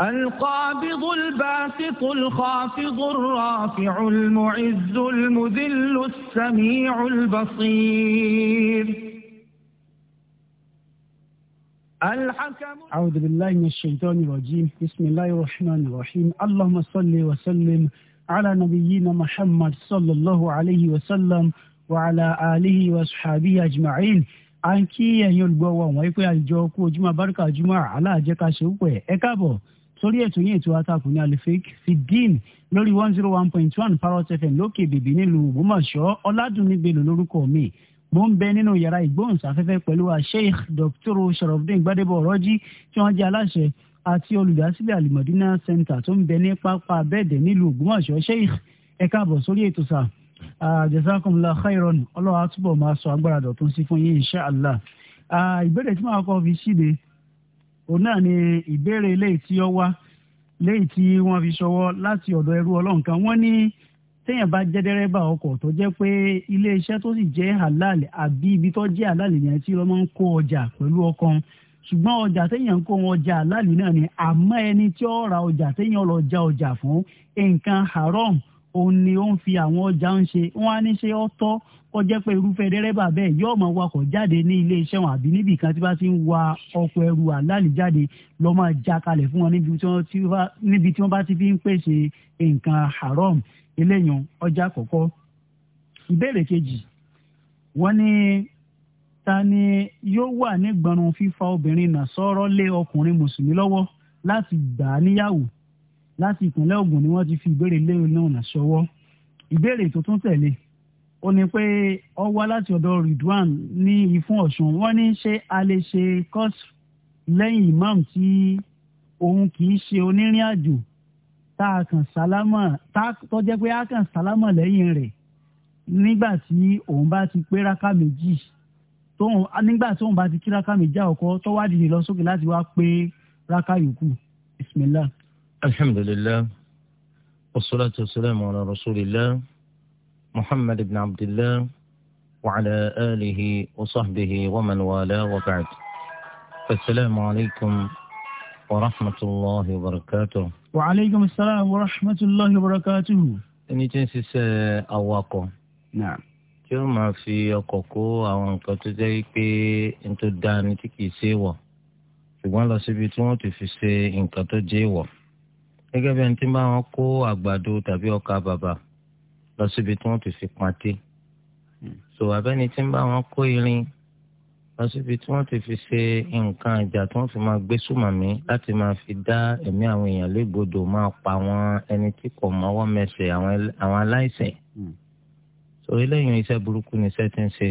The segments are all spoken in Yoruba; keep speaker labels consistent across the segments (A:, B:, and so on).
A: القابض الباسط الخافض الرافع المعز المذل السميع البصير الحكم أعوذ بالله من الشيطان الرجيم بسم الله الرحمن الرحيم اللهم صل وسلم على نبينا محمد صلى الله عليه وسلم وعلى آله وصحبه أجمعين أنكي ń kí ẹ̀yin olùgbọ́ wa جمع pé àjọ kú ojúmọ́ sórí ètò yín ètò àtàkùn ní alifek fidin lórí one zero oh one point one parrot fm lókè bèbí nílùú Ògbómọ̀ṣọ́ ọládùnnígbèlò lórúkọ mi mo ń bẹ nínú yàrá ìgbóhùnsáfẹ́fẹ́ pẹ̀lú sheikh dr sharafdin gbadebo ọ̀rọ́jì tí wọ́n jẹ́ aláṣẹ àti olùdásílẹ̀ alimọ̀dínà center tó ń bẹ ní pápá bẹ́ẹ̀dẹ̀ nílùú Ògbómọ̀ṣọ́ sheikh ẹ káàbọ̀ sórí ètò sà jazakumullah khairon ọlọ́wà túbọ̀ máa sọ agbára dọ̀tún sí fún yín insha allah ìbéèrè tí màá kọ́ fi ṣíde òun náà ni ìbéèrè eléyìí tí ó wá léyìí tí wọ́n fi ṣọwọ́ láti ọ̀dọ̀ ẹrú ọlọ́run kan wọ́n ní téèyàn bá jẹ́ dẹ́rẹ́bà ọkọ̀ tó jẹ́ pé iléeṣẹ́ tó sì jẹ́ halal àbí ibi tó jẹ́ halal yẹn tí wọ́n máa ń kó ọjà pẹ̀lú ọkọ̀ ṣùgbọ́n ọjà téèyàn ń kó wọn ọjà halal náà ni àmọ́ ẹni tí ó ra ọjà téèyàn lọ ja ọjà fún nǹkan haram òun ni ó ń fi àwọn ọjà ń ṣe wọn á ní ṣe ó tọ́ kó jẹ́ pé irúfẹ́ dẹ́rẹ́bà bẹ́ẹ̀ yóò máa wakọ̀ jáde ní ilé iṣẹ́ wọn àbí níbi kan tí bá ti ń wa ọkọ̀ ẹrù àlálì jáde máa já kalẹ̀ fún wọn níbi tí wọ́n bá ti fi ń pèsè nǹkan haram eléyàn ọjà àkọ́kọ́ ìbéèrè kejì wọ́n ní ta ni yóò wà nígbọràn fífa obìnrin nà sọ́rọ́ lé ọkùnrin mùsùlùmí lọ́wọ́ láti gbà á níyàwó láti ìpínlẹ̀ Ògùn ni wọ́n ti fi ìbéèrè lé náà nà ṣọwọ́ ìbéèrè tó tún tẹ̀lé ó ní pé ó wá láti ọ̀dọ̀ Ridwan ní Ìfún Ọ̀ṣun wọ́n ní ṣé a lè ṣe kọ́s lẹ́yìn imam tí òun kì í ṣe onírìn àjò tá a kàn sálámà tá tó jẹ́ pé a kàn sálámà lẹ́yìn rẹ̀ nígbà tí òun bá ti pé rákà méjì tóun nígbà tóun bá ti kí rákà méjì àkọ́kọ́ tó wá dìde lọ sókè láti wá pé rákà yòókù bismillah.
B: الحمد لله والصلاة والسلام على رسول الله محمد بن عبد الله وعلى آله وصحبه ومن والاه وبعد فالسلام عليكم ورحمة الله وبركاته
A: وعليكم السلام ورحمة الله وبركاته
B: أني تنسى n نعم awako ti o maa fi oko ko dáa ni tí kìí ṣe wọ̀ ṣùgbọ́n lọ síbi tí wọ́n ti fi ṣe nǹkan tó jẹ́ wọ̀. gẹ́gẹ́ bí ẹni tí bá wọn kó àgbàdo tàbí ọkà bàbà lọ síbi tí wọ́n ti fi pàtẹ so abẹ́ni tí bá wọn kó irin lọ síbi tí wọ́n ti fi ṣe nǹkan ìjà tí wọ́n fi máa gbé sùmàmí láti máa fi dá ẹ̀mí àwọn èèyàn légbodò máa pa àwọn ẹni tí kò mọ́wọ́ mẹsẹ̀ àwọn aláìṣẹ̀ hmm. so eléyìí iṣẹ́ burúkú ni iṣẹ́ ti ń ṣe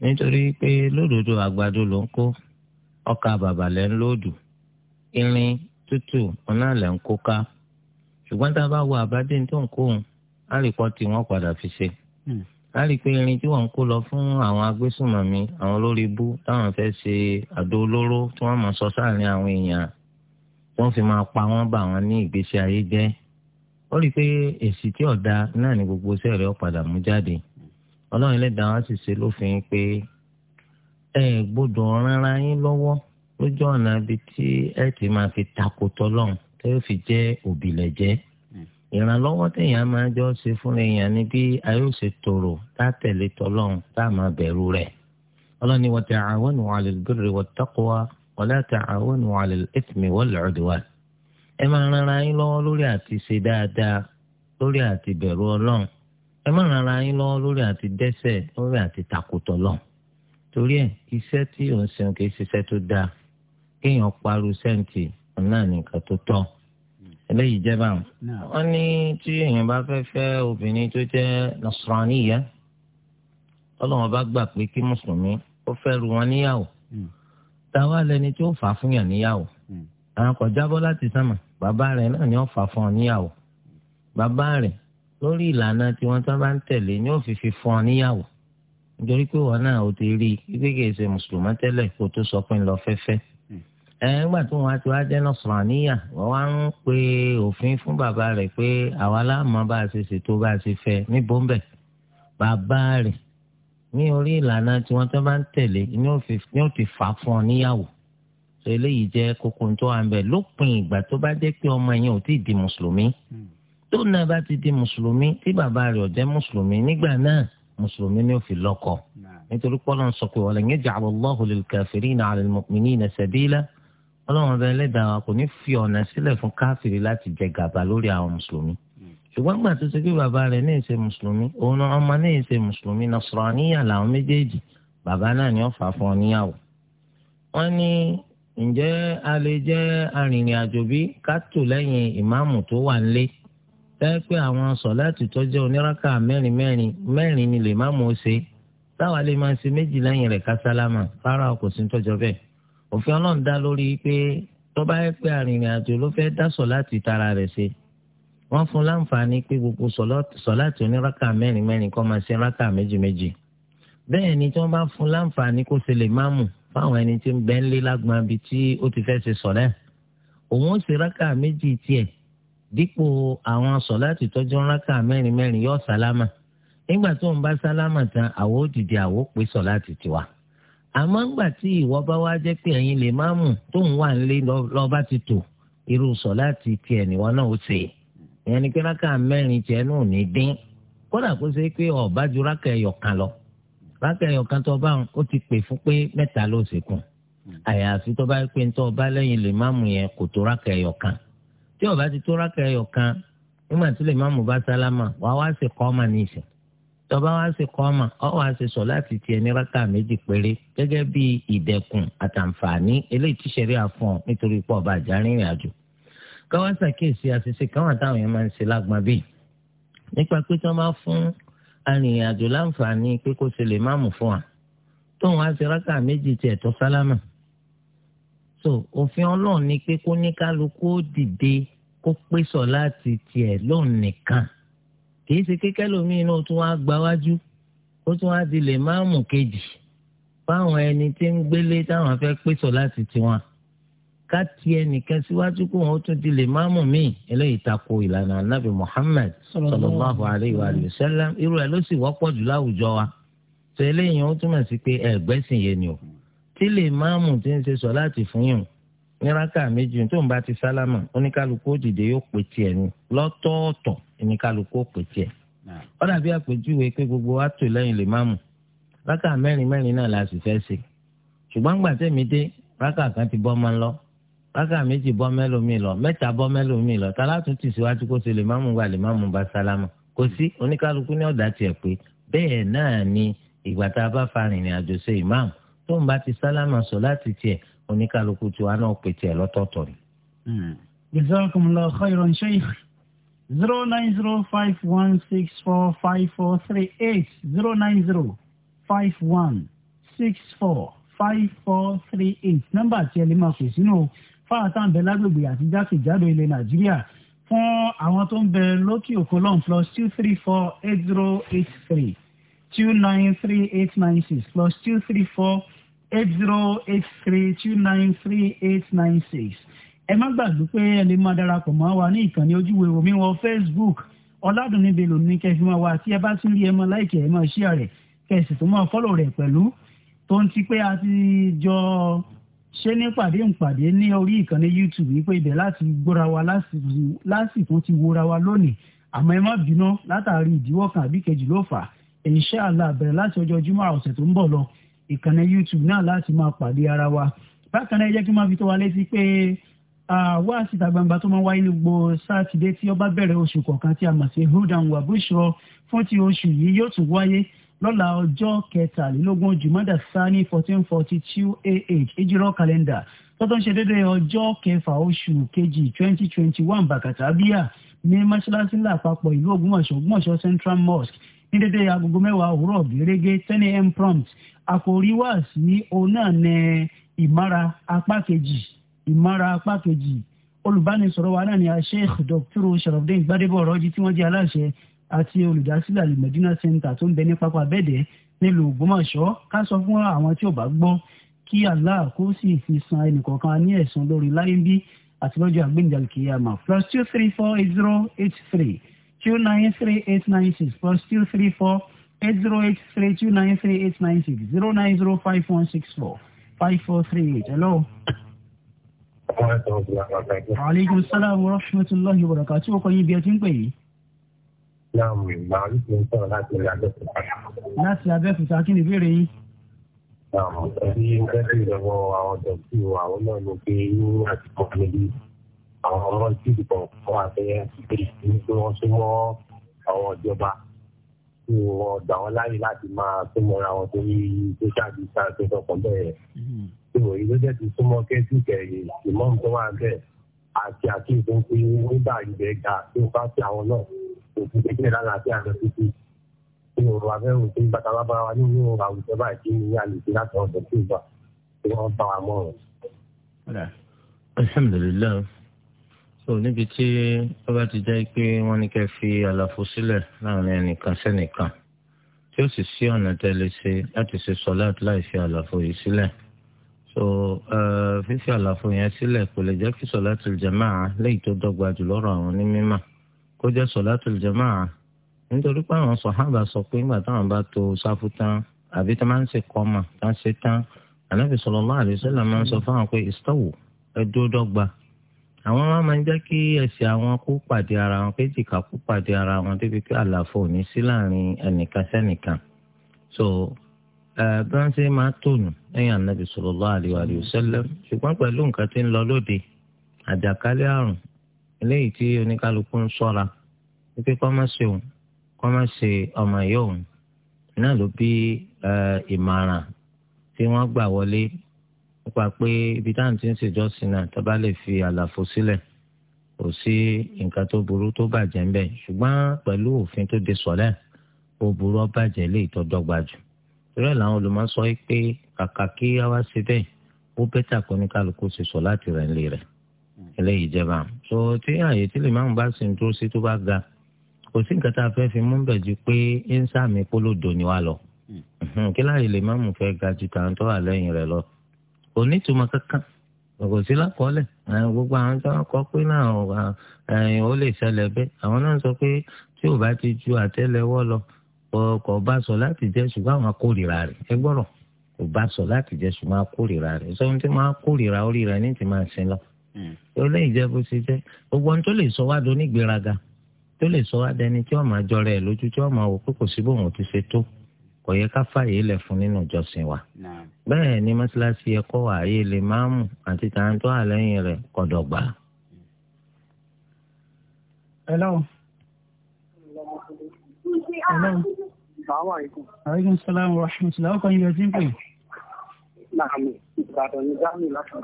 B: nítorí pé lódodo àgbàdo ló ń kó ọkà bàbà lẹ́ irin Tutu, wọn náà lẹ̀ ń kó ká ṣùgbọ́n tá a bá wo àbádé tó ń kó òun á rí pọ́ tí wọ́n padà fi ṣe á hmm. rí pé irin tí wọ́n ń kó lọ fún àwọn agbésùnmọ̀mí àwọn olórí ibú táwọn fẹ́ ṣe àdó olóró tí wọ́n máa sọ sáàrin àwọn èèyàn wọ́n fi máa pa wọ́n bà wọ́n ní ìgbésí ayé jẹ́ ó rí pé èsì tí ọ̀dà náà ní gbogbo iṣẹ́ rẹ̀ padà mú jáde ọlọ́run ẹlẹ́dàá wá sì ṣe lófin pé ẹ gbọ́dọ̀ rárá lójú ọ̀nà ibi tí ẹ ti máa fi takò tọ́lọ́n tó yóò fi jẹ́ òbílẹ̀ jẹ́ hmm. ìrànlọ́wọ́ téèyàn máa jọ ṣe fún èèyàn ni bí a yóò ṣe tòrò tá a tẹ̀lé tọ́lọ́n tá a máa bẹ̀rù rẹ̀ ọlọ́ni wa ta'awanu 'ala al-birri wat-taqwa wa la ta'awanu 'ala al-ithmi wal-'udwan ẹ máa rara yín lọ́wọ́ lórí àti ṣe dáadáa lórí àti bẹ̀rù ọlọ́run ẹ má ran yín lọ́wọ́ lórí àti dẹ́ṣẹ̀ lórí àti takùtọ̀ lọ kéèyàn parọ́ sẹ́ǹtì náà nìkan tó tọ́ eléyìí jẹba wọn ní tí èèyàn bá fẹ́ fẹ́ obìnrin tó jẹ́ nasraniya ọlọ́wọ́n bá gbà pé kí mùsùlùmí ó fẹ́ ru wọn níyàwó hmm. táwa lẹni tí ó fà á fún níyàwó hmm. àwọn jábọ́ láti sánmà bàbá rẹ̀ náà ni ó fà á fún ọ níyàwó bàbá rẹ̀ lórí ìlànà tí wọ́n sábà ń tẹ̀lé ni ó fi fi fún ọ níyàwó nítorí pé wọn náà ò ti rí i pé kìí ṣe mùsùlùmá tẹ́lẹ̀ kó tó sọ pé ń lọ fẹ́fẹ́ nígbà tí wọn ti wá jẹ́ nọ́sọ̀ràníyà wọ́n wá ń pe òfin fún bàbá rẹ̀ pé àwa láàmú bá a ṣe ṣètò bá a ṣe fẹ́ ní bọ́m̀bẹ̀ bàbá rẹ̀ ní orí ìlànà tí wọ́n tó bá ń tẹ̀lé ni ó ti fà fún ọ níyàwó tó eléyìí jẹ́ kókó tó wà ń bẹ̀ lópin ìgbà tó bá jẹ́ pé ọmọ yẹn ò tí ì di mùsùlùmí tó náà bá ti di mùsùlùmí tí bàbá rẹ̀ ò jẹ́ mùsùlùmí nígbà náà mùsùlùmí ni ó fi lọ́kọ nítorí pọ́lọ́n sọ pé wọ́n lè ń jẹ́ àlọ́ ọlọ́run ọba ẹlẹ́dàá wa kò ní fi ọ̀nà sílẹ̀ fún káfíìrì láti jẹ gàba lórí àwọn mùsùlùmí ṣùgbọ́n gbà tó ṣe pé bàbá rẹ̀ ní ìṣe mùsùlùmí òun ọmọ ní ìṣe mùsùlùmí nasraniya làwọn méjèèjì bàbá náà ni ó fà fún ọ níyàwó. wọ́n ní ǹjẹ́ a lè jẹ́ arìnrìn àjò bí kátó lẹ́yìn ìmáàmù tó wà nílé tẹ́ pé àwọn sọ̀láàtì tó jẹ́ oníraka mẹ́rin mẹ́rin mẹ́rin ni lè máàmù ó ṣe táwa lè máa ṣe méjì lẹ́yìn rẹ̀ kásálámà fara ọkọ̀ sí tọ́jọ́ bẹ́ẹ̀ òfin ọlọ́run dá lórí pé tọ́ba yẹ pé arìnrìn àjò ló fẹ́ dá sọ̀láàtì tara rẹ̀ ṣe wọ́n fún láǹfààní pé gbogbo sọ̀láàtì oníraka mẹ́rin mẹ́rin kọ́ máa ṣe raka méjì méjì bẹ́ẹ̀ ni tí wọ́n bá fún láǹfààní kó ṣe lè má mú fáwọn ẹni tí ń bẹ́ ń lé lágbọ́n ibi tí ó ti fẹ́ ṣe sọ̀lẹ́ òun ó ṣe raka méjì tiẹ̀ dípò àwọn sọ̀láàtì tọ́jú raka mẹ́rin mẹ́rin yóò sálámà nígbà tó ń bá sálámà tán àwọn ó dìde àwọn ó pè sọ̀láàtì tiwa àmọ́ ńgbà tí ìwọ bá wá jẹ́ pé ẹ̀yin lè má mú tóun wà nílé lọ́ba ti tò irú sọ láti tiẹ̀ níwọ náà ó ṣe ìyẹn ni pé rákà mẹ́rin tiẹ̀ náà ní dín kódà kó ṣe pé ọ̀bá ju rákà ẹ̀yọ̀kan lọ rákà ẹ̀yọ̀kan tó bá ó ti pè fún pé mẹ́ta ló ṣe kù àyàfi tó bá pé tó bá lẹ́yìn lè má mú yẹn kò tó rákà ẹ̀yọ̀kan tí ọ̀bá ti tó rákà ẹ̀yọ̀kan nígbà tí lè má mú bá sálámà wàá wá ṣe kọ́ ọ́ tọba wa ṣe kọ́mà ọ wa ṣe sọ láti tiẹ̀ ní rákà méjì péré gẹ́gẹ́ bí ìdẹ̀kùn àtàǹfààní eléyìí tí ṣẹ̀rí àfọ̀n nítorí pọ̀ bá àjà rìnrìn àjò káwá ṣàkíyèsí àṣìṣe káwọn táwọn yẹn máa ń ṣe lágbọ́n bíi nípa pé tí wọ́n bá fún arìnrìn láǹfààní pé kó ṣe lè máàmù fún wa tóun á ṣe rákà méjì tiẹ̀ tó sálámà so òfin ọlọ́run ni pé kó ní kálukú dìde kó pèsò láti tiẹ̀ lóun nìkan kì í ṣe kékeré lómi inú tún wá gbáwájú ó tún wá di lè máàmù kejì fáwọn ẹni tí ń gbélé táwọn fẹ́ pèsò láti tiwọn ká ti ẹnìkan síwájú kó wọn ó tún di lè máàmù míì eléyìí tako ìlànà anábì Muhammad sallallahu alayhi wa sallam irú ẹ̀ ló sì wọ́pọ̀ jù láwùjọ wa tó eléyìí ó túmọ̀ sí pé ẹ̀gbẹ́sìn yẹn ni o tí lè máàmù ti ń ṣe sọ láti fún yìí níraka méjì tó ń bá ti sálámà oníkálukú òdìdé yóò pè tiẹ̀ ni lọ́tọ̀ọ̀tọ̀ oníkálukú ò pè tiẹ̀. ó dàbí àpèjúwe pé gbogbo wa tò lẹ́yìn lè máàmù rákà mẹ́rin mẹ́rin náà la sì fẹ́ ṣe ṣùgbọ́n gbà tẹ̀mí dé rákà kan ti bọ́ máa ń lọ rákà méjì bọ́ mẹ́lòmíì lọ mẹ́ta bọ́ mẹ́lòmíì lọ tálá tún ti síwájú kó ṣe lè máàmù gbà lè máàmù bá sálámà kò sí oníkálukú ní ọ̀dà tiẹ̀ pé bẹ́ẹ̀ náà ni ìgbà tá a bá fa rìnrìn àjò ṣe ìmáàmù tó ń bá ti sálámà sọ láti tiẹ̀ oníkàlùkù tiwa náà pètè ẹ̀ lọ́tọ̀ọ̀tọ̀ ni. Hmm.
A: jazakumullahu khairan sheikh zero nine zero five one six four five four three eight zero nine zero five one six four five four three eight nọ́mbà tí ẹ lè máa fò sínú fáwọn bẹ lágbègbè àti jákèjádò ilẹ̀ nàìjíríà fún àwọn tó ń bẹ lókè òkun lọ́n plus two three four eight zero eight three two nine three eight nine six plus two three four eight zero eight three two nine three eight nine six ẹ má gbàgbé pé ẹ lè máa darapọ̀ mọ́ wa ní ìkànnì ojúwe omi wọn facebook ọ̀làdùnní bello ní kẹfí máa wá tí ẹ bá tún rí ẹ máa láìkẹ́ ẹ máa ṣíà rẹ̀ kẹsì tó máa fọ́lọ̀ rẹ̀ pẹ̀lú tó ń ti pé a ti jọ ṣe ní pàdé ǹpàdé ní orí ìkànnì youtube wípé ibẹ̀ láti gbóra wa lásìkò ti wóra wa lónìí àmọ́ ẹ má bínú látàrí ìdíwọ́ kan àbí kejì ló fà inshallah bẹ̀rẹ̀ láti ọjọ́ jumaa ọ̀sẹ̀ tó ń bọ̀ lọ ìkànnì youtube náà láti máa pàdé ara wa bákan náà ẹ jẹ́ kí n máa fi tó wa létí pé wá síta gbangba tó máa wáyé ní gbogbo sátidé tí ó bá bẹ̀rẹ̀ oṣù kọ̀ọ̀kan tí a mọ̀ sí hudan wa bushro fún ti oṣù yìí yóò tún wáyé lọ́la ọjọ́ kẹtàlélógún jùmọ́dà sani fourteen forty two ah ìjírọ̀ kàlẹ́ndà tọ́tọ́ ń ṣe déédéé ọjọ́ kẹfà oṣù kejì twenty twenty one bàkàtà bíyà ní mọ́ṣáláṣí lápapọ̀ ìlú ògbómọ̀ṣọ́ ògbómọ̀ṣọ́ central mosque ní dédé agogo mẹ́wàá òwúrọ̀ gẹ́gẹ́ ten a.m. prompt àkòrí wá sí òun náà ní ìmára apá kejì ìmára apá kejì olùbánisọ̀rọ̀ wa náà ni Sheikh Dr. Sharafdin Gbadebo Ọ̀rọ̀jì tí wọ́n jẹ́ aláṣẹ àti olùdásílẹ̀ alimẹ̀dínà center tó ń bẹ ní pápá abẹ́dẹ̀ nílùú Ògbómọ̀ṣọ́ ká sọ fún àwọn tí ò bá gbọ́ kí Allah kó sì fi san ẹnìkọ̀ọ̀kan ní ẹ̀san lórí láyé bí àti lọ́jọ́ àgbéǹdàlùkìyàmà plus two three four eight zero eight three two nine three eight nine six plus two three four eight zero eight three two nine three eight nine six zero nine zero five one six four five four three eight. hello.
C: aleykum
A: salaam wa rahmatulahi wa barakatuh tí o kọ yín bí ẹ ti ń pè yìí.
C: láàmú ìgbà oríṣi ń sọ̀rọ̀ láti ilé abẹ́òkúta.
A: láti abẹ́òkúta kí ni ìbéèrè yín.
C: ẹbí ń tẹ́sí ìdánwò àwọn dọ̀tí àwọn náà ló pé ní àtìkọ́ níbí àwọn ọmọ ìdílé kan fún àtẹyẹ èyí tí wọ́n súnmọ́ àwọn ìjọba tí wọ́n gbà wọ́n láyè láti máa súnmọ́ra wọn torí social distance tó kọ̀ bẹ́ẹ̀. ìròyìn ló jẹ́ ti súnmọ́ kẹ́sì kẹ̀yìn ìmọ̀ọ́mù tó wà bẹ́ẹ̀ àti àkíyèsí ń pín nígbà ìbẹ̀ ga tí ó bá sí àwọn náà òfin kékeré lára sí àjọ títí tí òru abẹ́rù tí bàtà bá bára wa nínú àwùjọ báyìí tí ní àlejò láti ọ̀dọ̀ tí ìgbà tí wọ́n bá wa mọ̀
B: ọ́n. alhamdulilayi so níbi tí ọba ti jẹ́ pé wọ́n ní kẹ́ fi àlàfo sílẹ̀ láàrin ẹnìkan sẹ́nìkan tí ó sì sí ọ̀nà tẹ́lẹ̀ ṣe láti ṣe sọ́láàtì láì fi àlàfo yìí sílẹ̀ so fífi àlàfo yẹn sílẹ̀ kò lè jẹ́ kí sọ́láàtì jàmáà léyìí tó dọ́gba jù lọ́rọ̀ àwọn onímọ̀ kó jẹ́ sọ́láàtì jàmáà nítorí pé àwọn sọ̀hábà sọ pé nígbà táwọn bá to sáfù tán àbí tá máa ń ṣe kọ́mà tá ń àwọn máa máa ń jẹ́ kí ẹsẹ̀ àwọn kó pàdé ara wọn kéjì ká kó pàdé ara wọn débi pé àlàfo ò ní sí láàrin ẹnìkan sẹ́nìkan so bí wọ́n ṣe máa tònù lẹ́yìn ànábì sallallahu alaihi wa sallam ṣùgbọ́n pẹ̀lú nǹkan tí ń lọ lóde àjàkálẹ̀ àrùn eléyìí tí oníkálukú ń ṣọ́ra wípé kọ́ máa ṣe òun kọ́ máa ṣe ọmọ ìyá òun náà ló bí ìmàràn tí wọ́n gbà wọlé nípa pé ibi táwọn ti ń ṣèjọ́sìn náà tá a bá lè fi àlàfo sílẹ̀ kò sí nǹkan tó burú tó bàjẹ́ ń bẹ̀ ṣùgbọ́n pẹ̀lú òfin tó de sọ̀lẹ̀ ó burú ó bàjẹ́ lè tó dọ́gba jù torí ẹ̀ làwọn olùmọ̀ sọ pé kàkà kí a wá sí bẹ́ẹ̀ ó bẹ́tà kó ní kálukú ṣe sọ láti rẹ̀ ńlẹ̀ rẹ̀ eléyìí jẹba so tí àyè tí lè máa ń bá sí dúró sí tó bá ga kò sí nǹkan tá a fẹ́ fi mú bẹ̀ ju pé ń sàmì polódo ni wá lọ hmm. kí láàyè lè má mú fẹ́ ga ju tàǹtọ́ àlẹ́yìn rẹ̀ lọ kò ní ìtumọ̀ kankan kò sí lákọọ́lẹ̀ gbogbo àwọn tí wọ́n kọ́ pé náà ó lè ṣẹlẹ̀ bẹ́ẹ̀ àwọn náà sọ pé tí ò bá ti ju àtẹ́lẹwọ́ lọ kò bá sọ láti jẹ́ ṣùgbọ́n àwọn akórìíra rẹ̀ ẹ gbọ́rọ̀ kò bá sọ láti jẹ́ ṣùgbọ́n akórìíra rẹ̀ sọ ohun tí wọ́n akórìíra orí rẹ̀ ní ti máa sin lọ. Hmm. ó lè jẹ́ bó ṣe jẹ́ gbogbo ohun tó lè sọ wá dóní gbéraga tó lè sọ wá dẹni tí wọ́n máa jọra ẹ̀ lójú tí wọ́n máa wò pé kò sí bóun ti ṣe tó kò yẹ ká fààyè lẹ̀ fún nínú ìjọsìn wa. bẹ́ẹ̀ ni mọ́ṣáláṣí ẹ̀kọ́ ààyè lè máa mú àti tàǹtọ́ àlẹ́yìn rẹ̀ kọ̀dọ̀ gbà.
A: hello.
C: hello. salaamaleykum.
A: aleykum salaam wa rahmatulah ọkọ yìí ẹtí ń pè.
C: naam ìbàdàn ni jamiu láti.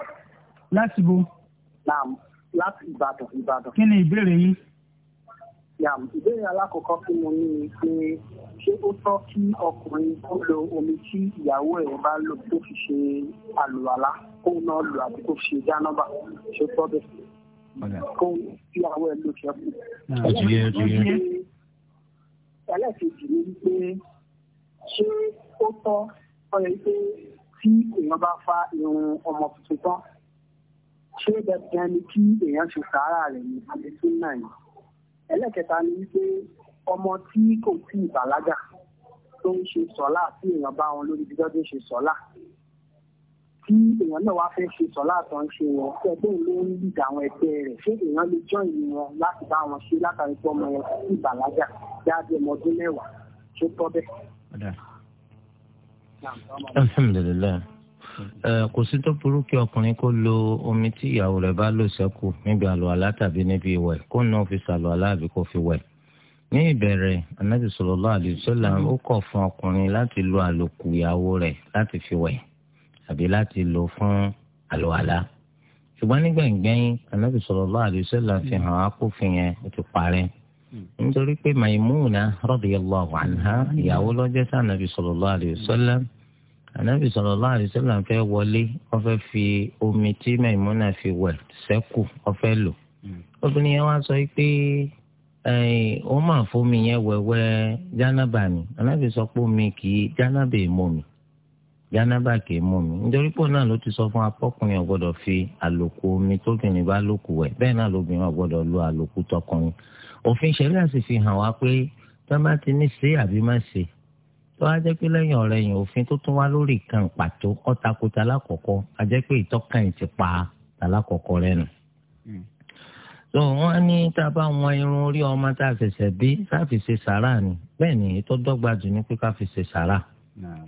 C: láti bo. naam láti ìbàdàn ìbàdàn. kí ni ìbéèrè yín yàm ìbéèrè alákọ̀ọ́kọ́ fún mo ni pé ṣé ó tọ́ kí ọkùnrin tó lo omi tí ìyàwó ẹ̀ bá lò tó fi ṣe àlùwàlá kó náà lò àti kó fi ṣe jánábà ṣe tọ́ bẹ́ẹ̀ kó ìyàwó ẹ̀ lò ṣẹ́kù. Ah, ẹlẹ́kejì ni wípé ṣé ó tọ́ ọ̀rẹ́ pé tí èèyàn bá fa irun ọmọ tuntun tán ṣé dandan ni kí èèyàn ṣe sàárà rẹ̀ ní àdéhùn náà yìí ẹlẹ́kẹta ni wípé ọmọ tí kò tí ì bàlágà tó ń ṣe sọ́lá tí èèyàn bá wọn lórí bíjọ́ tó ń ṣe sọ́lá tí èèyàn náà wá fẹ́ ṣe sọ́lá tó ń ṣe wọn tí ẹgbẹ́ ìlú ń lìdà àwọn ẹgbẹ́ rẹ̀ ṣé èèyàn lè jọ́ ìlú wọn láti bá wọn ṣe látàrí pé ọmọ yẹn tí ì bàlágà jáde ọmọ ọdún mẹ́wàá ṣó tọ́
D: bẹ́ẹ̀
B: kò sí tó burú kí ọkùnrin kó lo omi tí ìyàwó rẹ̀ bá lò sẹ́kù níbi àlùwàlá tàbí níbi ìwẹ̀ kó náà fi ṣàlùwàlá àbí kó fi wẹ̀. ní ìbẹ̀rẹ̀ anábì sallallahu alaihi wasallam ó kọ̀ fún ọkùnrin láti lo àlòkù ìyàwó rẹ̀ láti fi wẹ̀ àbí láti lò fún àlùwàlá. ṣùgbọ́n nígbẹ̀ngbẹ́yìn anábì sallallahu alaihi wasallam fi hàn á kó fi yẹn ó ti parẹ́ nítorí pé Maimuna radiyallahu anha ìyàwó lọ́jọ́ sànàbì sallallahu alaihi wasallam anabi sallallahu alaihi wasallam fẹ́ wọlé wọ́n fẹ́ fi omi tí Maimuna fi wẹ̀ sẹ́kù wọ́n fẹ́ lò hmm. obìnrin yẹn wá sọ pé ó máa fomi yẹn wẹ̀wẹ̀ jánábà ni anabi sọ pé omi kì í jánábà èèmọ mi jánábà kì í mọ mi nítorí pé náà ló ti sọ fún apọkùnrin ọgbọ́dọ̀ fi àlòkù omi tóbìnrin bá lòkù wẹ̀ bẹ́ẹ̀ náà lóbìnrin ọgbọ́dọ̀ lo àlòkù tọkùnrin òfin ṣẹlẹ̀ sì fi hàn wá pé tí bá ti ní ṣe àbí má ṣe tó a jẹ́ pé lẹ́yìn ọ̀rẹ́ yẹn òfin tó tún wá lórí kan pàtó ọ̀takùtà lákọ̀ọ́kọ́ a jẹ́ pé ìtọ́kàn ti pa alákọ̀ọ́kọ́ rẹ̀ nù. Hmm. so wọ́n ní tá a bá wọn irun orí ọmọ tá a ṣẹ̀ṣẹ̀ bí tá a fi ṣe sàrà ni bẹ́ẹ̀ ni èyí tó dọ́gba jù ní pé ká fi ṣe sàrà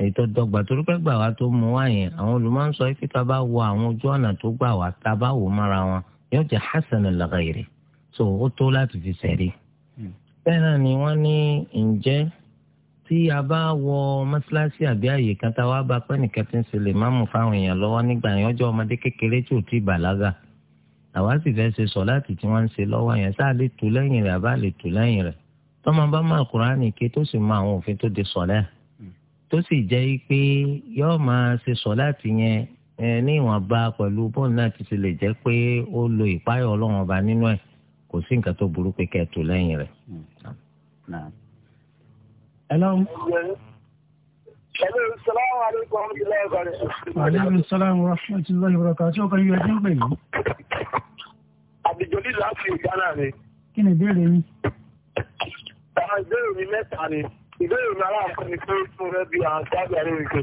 B: èyí tó dọ́gba torí pé gbà wá tó mú wá yẹn àwọn olùmọ̀ ń sọ pé tá a bá wo àwọn ojú ọ̀nà tó gbà wá tá a bá wò mára wọn yóò jẹ́ hasan al-ghairi so ó tó láti fi ṣẹ̀rí. Hmm. bẹ́ẹ̀ náà ni wọ́n ní ǹjẹ́ tí a bá wọ mọ́ṣáláṣí àbí àyè kan tá a wá bá pẹ́ nìkan tí ń ṣe lè máàmù fáwọn èèyàn lọ́wọ́ nígbà yẹn ọjọ́ ọmọdé kékeré tí ò tí ì bàlágà àwa sì fẹ́ ṣe sọ̀láàtì tí wọ́n ń ṣe lọ́wọ́ yẹn sáà lè tù lẹ́yìn rẹ̀ àbá lè tù lẹ́yìn rẹ̀ tọ́mọ bá máa Kùránì ké tó sì mọ àwọn òfin tó de sọ̀lẹ́ tó sì jẹ́ pé yọ́ọ́ máa ṣe sọ̀láàtì yẹn ní ìwọ̀nba pẹ̀lú bọ́ọ̀n náà ti ti lè jẹ́ pé ó lo ìpáyọ̀ Ọlọ́run ọba nínú ẹ̀ kò sí
A: Hello.
C: Hello, salaam alaikum wa rahmatullahi wa alaikum
A: salaam wa rahmatullahi wa barakatuh. Tí ó kọjú ẹjọ́ pè mí.
C: Àbìjọ́lì láti Ghana ni.
A: Kí ni ìbéèrè yín?
C: Àwọn ìbéèrè mi mẹ́ta ni. Ìbéèrè mi aláàkọ́ ni pé fún rẹ̀ bí àwọn àrẹ ìgbè.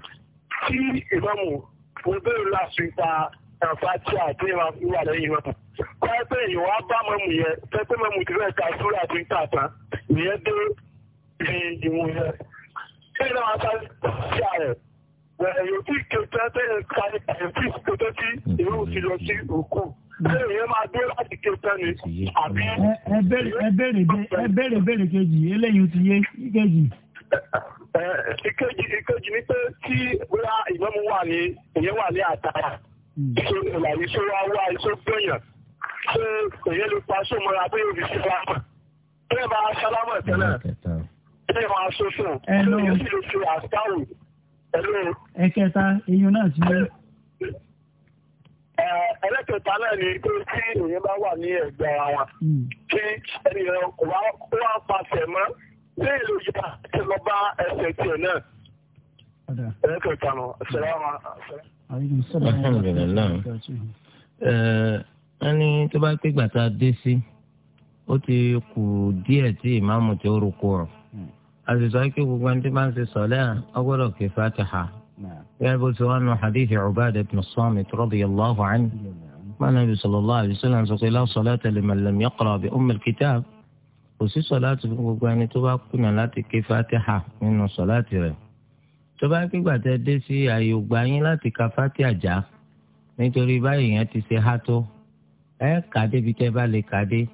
C: Tí ìbámu, mo béèrè láti ta ẹ̀fà tí a ti máa wà lẹ́yìn náà. Kọ́ ẹgbẹ́ ìwà bá mọ̀mù yẹn, pẹ́pẹ́ mọ̀mù ti fẹ́ ta súrà ti ń tà tán. Ìyẹn dé Ẹbẹ̀rẹ̀ bẹ̀rẹ̀ kejì,
A: eléyìí ti yé kejì.
C: Ìkejì ìkejì ní pé tí wíra ìmọ̀mú wà ní ìyẹn wà ní àtàrà, ìṣó ìlànà ìṣó wa wá ìṣó gbẹ̀yàn, ṣé èyẹ lè pa sómọ́ra bí òbí sí wa mọ̀? Bẹ́ẹ̀ bá sálámọ̀ tẹ́lẹ̀ ilé wa ṣoṣo ẹlò yóò sì lè ṣe àṣàrò ẹlò.
A: ẹ̀kẹta eyín náà ti lé.
C: ẹlẹ́kẹta náà ni pé tí èèyàn bá wà ní ẹ̀gbẹ́ ara wa kí hmm. ènìyàn wá wá pàṣẹ mọ́ ní ìlú yìí àti lọ bá ẹsẹ̀ tiẹ̀ náà. ẹlẹ́kẹta nù ṣẹlẹ́wà.
B: alhamdulilayi ẹ ẹni tó bá pé gbàtà dé sí ó ti kù díẹ̀ tí ìmáàmù ti rúkú rọ̀. أزيدوا هيك ما في صلاة أولا كي فاتحة نعم يعني بل سؤال من حديث عبادة بن الصامت رضي الله عنه ما النبي صلى الله عليه وسلم سقيلا صلاة لمن لم يقرأ بأم الكتاب وسي صلاة وقوانت تباك كنا لا تكي فاتحة من صلاة رأي تباك بعد ديسي أيو قواني لا تكي فاتحة جا نتوري باي ينتي سيحاتو أي قادة بتبالي قادة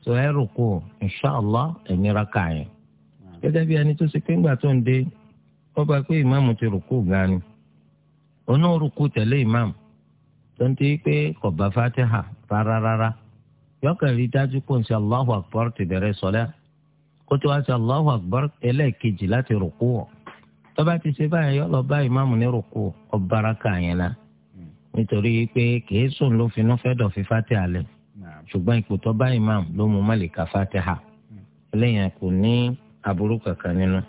B: سوى رقو إن شاء الله إني ركعي gẹ́gẹ́ bí ẹni tó ṣe pé ńgbà tó ń dé ó bá pé ìmáàmù ti rùkú gan ni onú rùkú tẹ̀lé ìmáàmù tó ń ti pé kò bá fatiha rárá rárá yọkàn rí dájú pé ń ṣe allahu akbar ti bẹ̀rẹ̀ na kó tó wá ṣe allahu ẹlẹ́ẹ̀kejì láti rùkú wọ̀ tó bá ti ṣe báyẹn yọ lọ bá ìmáàmù ní rùkú ọ̀báraka yẹn náà nítorí pé kìí sùn ló finú fẹ́ dọ̀ fatiha lẹ̀ ṣùgbọ́n ipò bá ìmáàmù ló mú ká fatiha hmm. ní. aburú kankan nínú.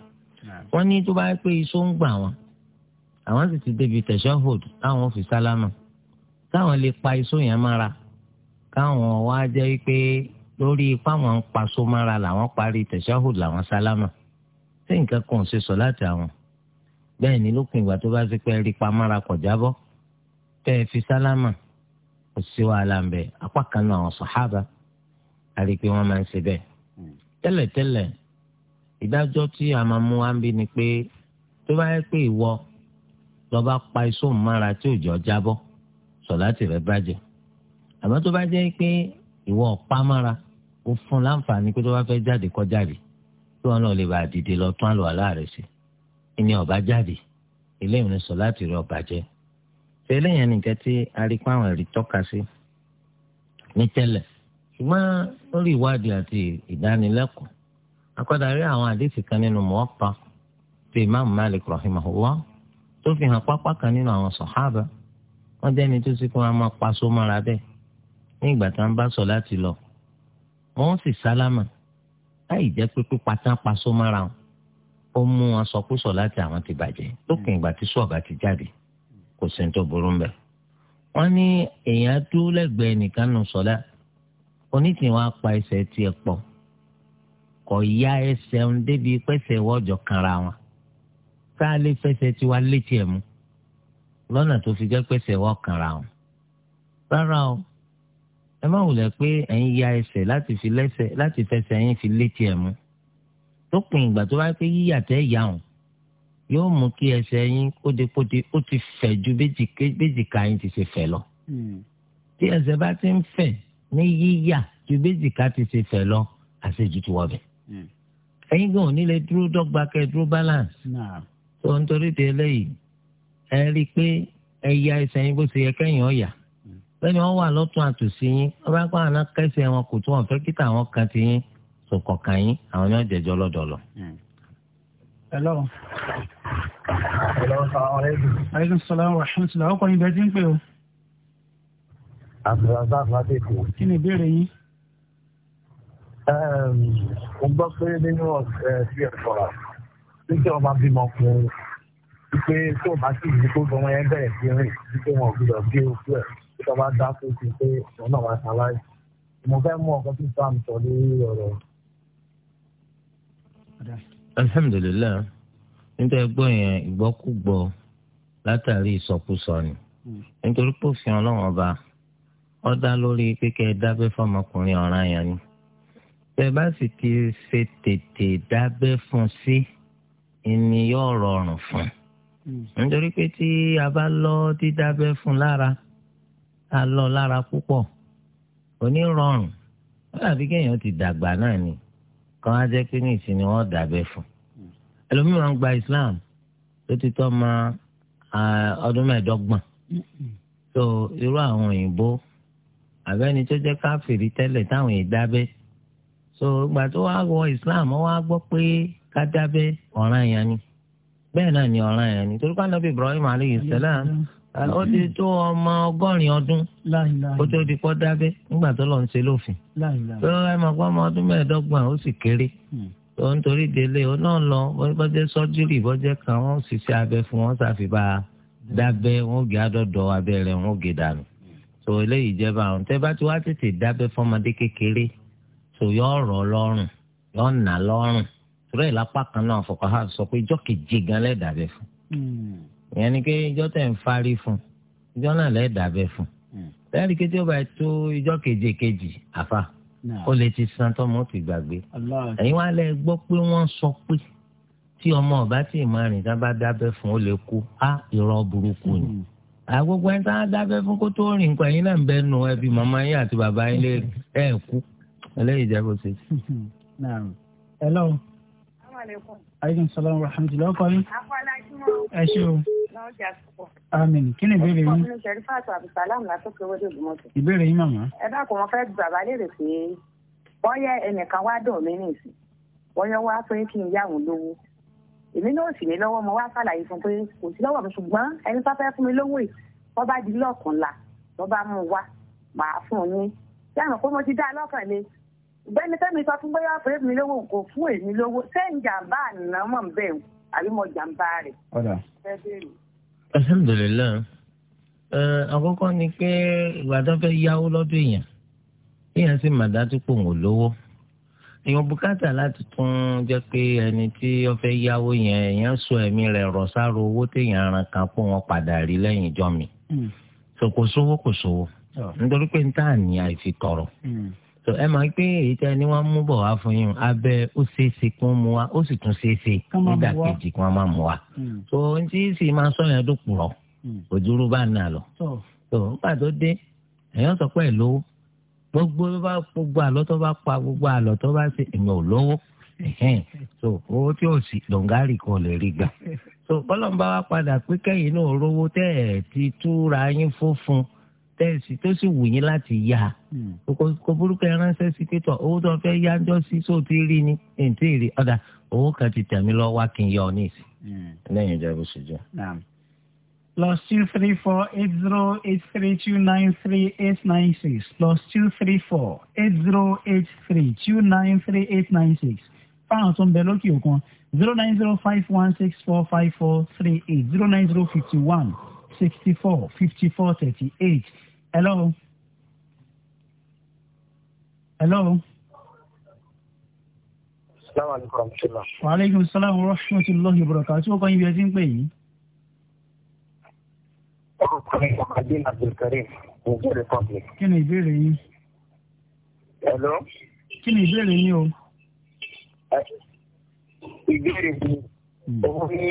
B: wọ́n ní tó bá yẹ pé iṣó ń gbà wọ́n àwọn sì ti débi tẹ̀sánfòd táwọn fi sálámà táwọn lè pa iṣó yẹn mára káwọn wá jẹ́ pé lórí fáwọn ń paṣó mára làwọn parí tẹ̀sánfòd làwọn sálámà tí nǹkan kan ṣe sọ láti àwọn bẹ́ẹ̀ ni lópin ìgbà tó bá ti pẹ́ rí pamára kọ̀ jábọ́ tẹ́ ẹ fi sálámà kò sí wàhálà ń apá kan náà àwọn sàhábà àrí pé wọ́n máa ń ṣe bẹ́ẹ̀ hmm. tẹ́lẹ̀tẹ́lẹ̀ ìdájọ́ tí a máa mú wá ń bí ni pé tó bá yẹ pé ìwọ lọ bá pa iṣó mára tí òjò jábọ́ sọ̀láàtì rẹ̀ bàjẹ́ àmọ́ tó bá jẹ́ pé ìwọ ọ̀pá mára ó fún láǹfààní pé tó bá fẹ́ jáde kó jáde tí wọn náà lè bá dìde lọ tún àlọ́ àlá rẹ̀ sí ìní ọ̀bá jáde eléyìí ni sọ̀láàtì rẹ̀ ọ̀bàjẹ́ ṣe eléyìí nìkan tí arípa àwọn ẹ̀rí tọ́ka sí ní tẹ́lẹ̀ ṣùgbọ́n lórí ìwádìí àti ìdánilẹ́kọ̀ọ́ akọ́dà rí àwọn àdéhìí kan nínú mọ́ọ́pà bíi imáàmù malik rahimahullah tó fi hàn pápá kan nínú àwọn sọ̀hábà wọ́n jẹ́ni tó sì kó wọn máa pa sómọ́ra bẹ́ẹ̀ ní ìgbà tí wọ́n bá sọ láti lọ wọ́n sì sálámà láì jẹ́ pé pípa tán pa sómọ́ra wọn ó mú wọn sọkúsọ láti àwọn ti bàjẹ́ lókè ìgbà tí sọ̀gá ti jáde kò sí ní tó burú mbẹ́ wọ́n ní èèyàn dúró lẹ́gbẹ̀ẹ́ nìkan nù sọ́lá onítìwọ́n á ẹsẹ̀ tiẹ̀ pọ̀ kò ya ẹsẹ̀ ń débi pẹ́sẹ̀ wọ́jọ́ kanra wọn tá a lè fẹsẹ̀ tiwa létí ẹ̀ mú lọ́nà tó fi jẹ́ pẹ́sẹ̀ wọ́ kanra wọn rárá o ẹ má wulẹ̀ pé ẹ̀ ya ẹsẹ̀ láti fi lẹ́sẹ̀ láti fẹsẹ̀ yín fi létí ẹ̀ mú lópin ìgbà tó bá pé yíyà tẹ́ yà wọn yóò mú kí ẹsẹ̀ yín kódekóde ó ti fẹ̀ ju béjìká yín ti ṣe fẹ̀ lọ hmm. tí ẹsẹ̀ bá ti ń fẹ̀ ní yíyà ju béjìká ti ṣe fẹ̀ lọ àṣejù ti wọ̀ bẹ́ẹ̀. Hmm. ẹ̀yin gan ò ní lè dúró dọ́gba kẹ́ dúró balance. tó ń torí de eléyìí ẹ rí i pé ẹ ya ẹsẹ̀ yín bó ṣe yẹ kẹ́yìn ọ̀yà hmm. bẹ́ẹ̀ni wọ́n wà lọ́tún àtòsí yín wọ́n bá pàrọ̀ náà kẹ́sẹ̀ wọn kò tún wọn fẹ́ kíta àwọn kan ti yín sọ̀kọ̀ kan yín àwọn yóò jẹjọ́ lọ́dọọlọ. Hmm.
A: hello. hello salaamaleykum. aleykum salaam wa rahmatulah ọkọ yín bẹ́ẹ̀ ti ń pè o.
B: àbúrò azaz láti
C: èkó.
A: kí ni ìbéèrè yín
C: mo gbọ́ pé nínú sí ẹ̀fọ́ tí tí ọba bímọ fún un wípé tó bá sì ní kó gbọmọ yẹn bẹ̀rẹ̀ sí rìn wípé wọn ò gbọdọ̀ gé ojú ẹ̀ tí ọba dá fún un pé òun náà wá sáláì mo fẹ́ mú ọkọ tí sam sọ lórí ọ̀rọ̀.
B: alhamdulilayi nítorí gbọ́ yẹn ìgbọ́kúgbọ́ látàrí ìsọkúsọ ni nítorí pòfin ọlọ́wọ́n ọba ọ dá lórí pé kẹ́ ẹ dábẹ́ fọmọkùnrin ọ̀ràn yẹn ni tẹ bá sì ti ṣe tètè dábẹ́ fún sí ni yóò rọrùn fún hmm. nítorí pé tí a bá lọ dídábẹ́ fún lára a lọ lára púpọ̀ onírọ̀rùn wọn àbí kéèyàn ti dàgbà náà ni kàn á jẹ́ pé ní ìsinmi wọn dábẹ́ fún ẹlòmíràn gba Islam tó ti tọ́ ma ọdún mẹ́ẹ̀ẹ́dọ́gbọ̀n tó hmm. irú àwọn òyìnbó àbẹ́ni tó jẹ́ káfíìrì tẹ́lẹ̀ táwọn èèyàn dábẹ́ so ìgbà tó wá wọ islam wá gbọ́ pé ká dábẹ́ yẹn ni bẹ́ẹ̀ náà ni ọ̀ràn yẹn ni torí pé anabi ibrahim aleyhi salam ó ti tó ọmọ ọgọ́rin ọdún ó tó di kọ́ dábẹ́ nígbà tó lọ ń ṣe lófin tó ẹ mọ̀ pé ọmọ ọdún mẹ́ẹ̀ẹ́dọ́gbọ̀n ó sì kéré hmm. tó ń torí délé ó náà lọ bọ́jẹ́ sọ́júrì bọ́jẹ́ kan wọ́n sì ṣe abẹ fún wọn ṣàfihàn dábẹ́ wọn gé adọ́dọ̀ abẹ́rẹ́ wọn gé dànù tó hmm. eléyìí jẹ́ àwọn tẹ́ bá ti wá tètè dábẹ́ fọ́mọdé kékeré tó yọ ọ̀rọ̀ lọ́rùn yọ ọ̀nà lọ́rùn torí ẹ̀ lápá kan náà fọkàhà sọ pé ijọ́ keje gan lẹ́ẹ̀dàbẹ̀ fún hmm. ìyẹn ni pé ijọ́ tẹ ń fárí fún ijọ́ náà lẹ́ẹ̀dàbẹ̀ fún lẹ́yìn hmm. kí tí ó bá tó ijọ́ keje kejì san ti gbàgbé pé sọ pé tí ọmọ ọba tí tá bá fún ó lè kú á burúkú ni. Hmm. àgbogbo ẹni tá fún kó tó rìn nu ẹbí yín àti bàbá yín lè kú. eléyìí jẹ́ bó ṣe. hello.
A: aleykum salaam wa rahmatulah ọkọ yín.
C: ẹ ṣe o.
A: Amin. Kí ni ìbéèrè yín? Ọkùnrin
C: Ṣẹ̀rífàtù Abdulsalam látòkè owó ìgbìmọ̀tò.
A: Ìbéèrè yín màmá.
C: Ẹ bá kò wọ́n fẹ́ gbà bá léèrè pé wọ́n yẹ ẹnìkan wá dùn mí nìsín. Wọ́n yọ wá pé kí n yá òun lówó. Èmi náà sì ní lọ́wọ́ mo wá ṣàlàyé fún pé kò sí lọ́wọ́ mi ṣùgbọ́n ẹni tó fẹ́ fún mi lówó yìí wọ́n bá di lọ́ọ̀kùnla wọ́n bá mú un wá màá fún un ní. Yàrá pé mo ti dá lọ́kàn le bẹ́ẹ̀ni tẹ́mi sọ fún bóyá fún èmi lówó kò fún èmi lówó sẹ́yìn jàǹbá àná mọ̀ bẹ́ẹ̀ o àbí mo jàǹbá rẹ̀.
B: alhamdulilayi àkọ́kọ́ ni pé ìgbà tó fẹ́ yáwó lọ́dún èèyàn èèyàn sì mà dájú pò ń lówó èèyàn bùkátà láti tún jẹ́ pé ẹni tí ó fẹ́ yáwó yẹn èèyàn sọ ẹ̀mí rẹ̀ rọ̀ sáró owó téèyàn ara kan fún wọn padà rí lẹ́yìn ìjọ mi hmm. so kò sówó kò sówó oh. nítorí pé n tá à ní àìfi tọrọ. Hmm tó ẹ máa gbé èyí tí a ní wọn mú bọ̀ wá fún yín abẹ́ ó ṣeéṣe kí wọ́n mú wa ó sì tún ṣeéṣe nígbà kejì kí wọ́n máa mú wa tó hmm. ohun tí sì máa sọ yẹn dúpọ̀ rọ hmm. òjòrò bá nà lọ tó nígbà tó dé èèyàn sọ pé lówó gbogbo bá gbogbo àlọ́ tó bá pa gbogbo àlọ́ tó bá ṣe èèyàn ò lówó so owó tí ò sí dọ̀ngárì kan lè rí gbà so bọ́lọ́mbà wa padà pé kẹ́yìn náà rówó tẹ́ ẹ̀ ti túra yín fún fún un tẹ́ẹ̀sì tó sì wù yín láti yá hmm. kò burúkú ẹ ránṣẹ́ sí pétọ̀ owó tó fẹ́ yá ń jọ sí tó ti rí ni ètò èrè ọ̀dà owó kan ti tẹ̀mí lọ wá kí n yọ ọ ní ìsìn hmm. lẹ́yìn ìjà bó jẹ́.
A: plus two three four eight zero eight three two nine three eight nine six plus two three four eight zero eight three two nine three eight nine six fáwọn tó ń bẹ lókè òkun zero nine zero five one six four five four three eight zero nine zero fifty one sixty four fifty four thirty eight hello hello. Salaam alaikum. Wa alaikum assalam wa rahmatullahi wa barakatuh. Tí ó kọ́ yín bí ẹ ti ń pè yín.
C: Orúkọ mi ni Abdul Abdulkareem, Niger Republic.
A: Kí ni ìbéèrè yín?
C: Hello. Kí ni ìbéèrè yín o? Ìbéèrè mi, hmm. òun ni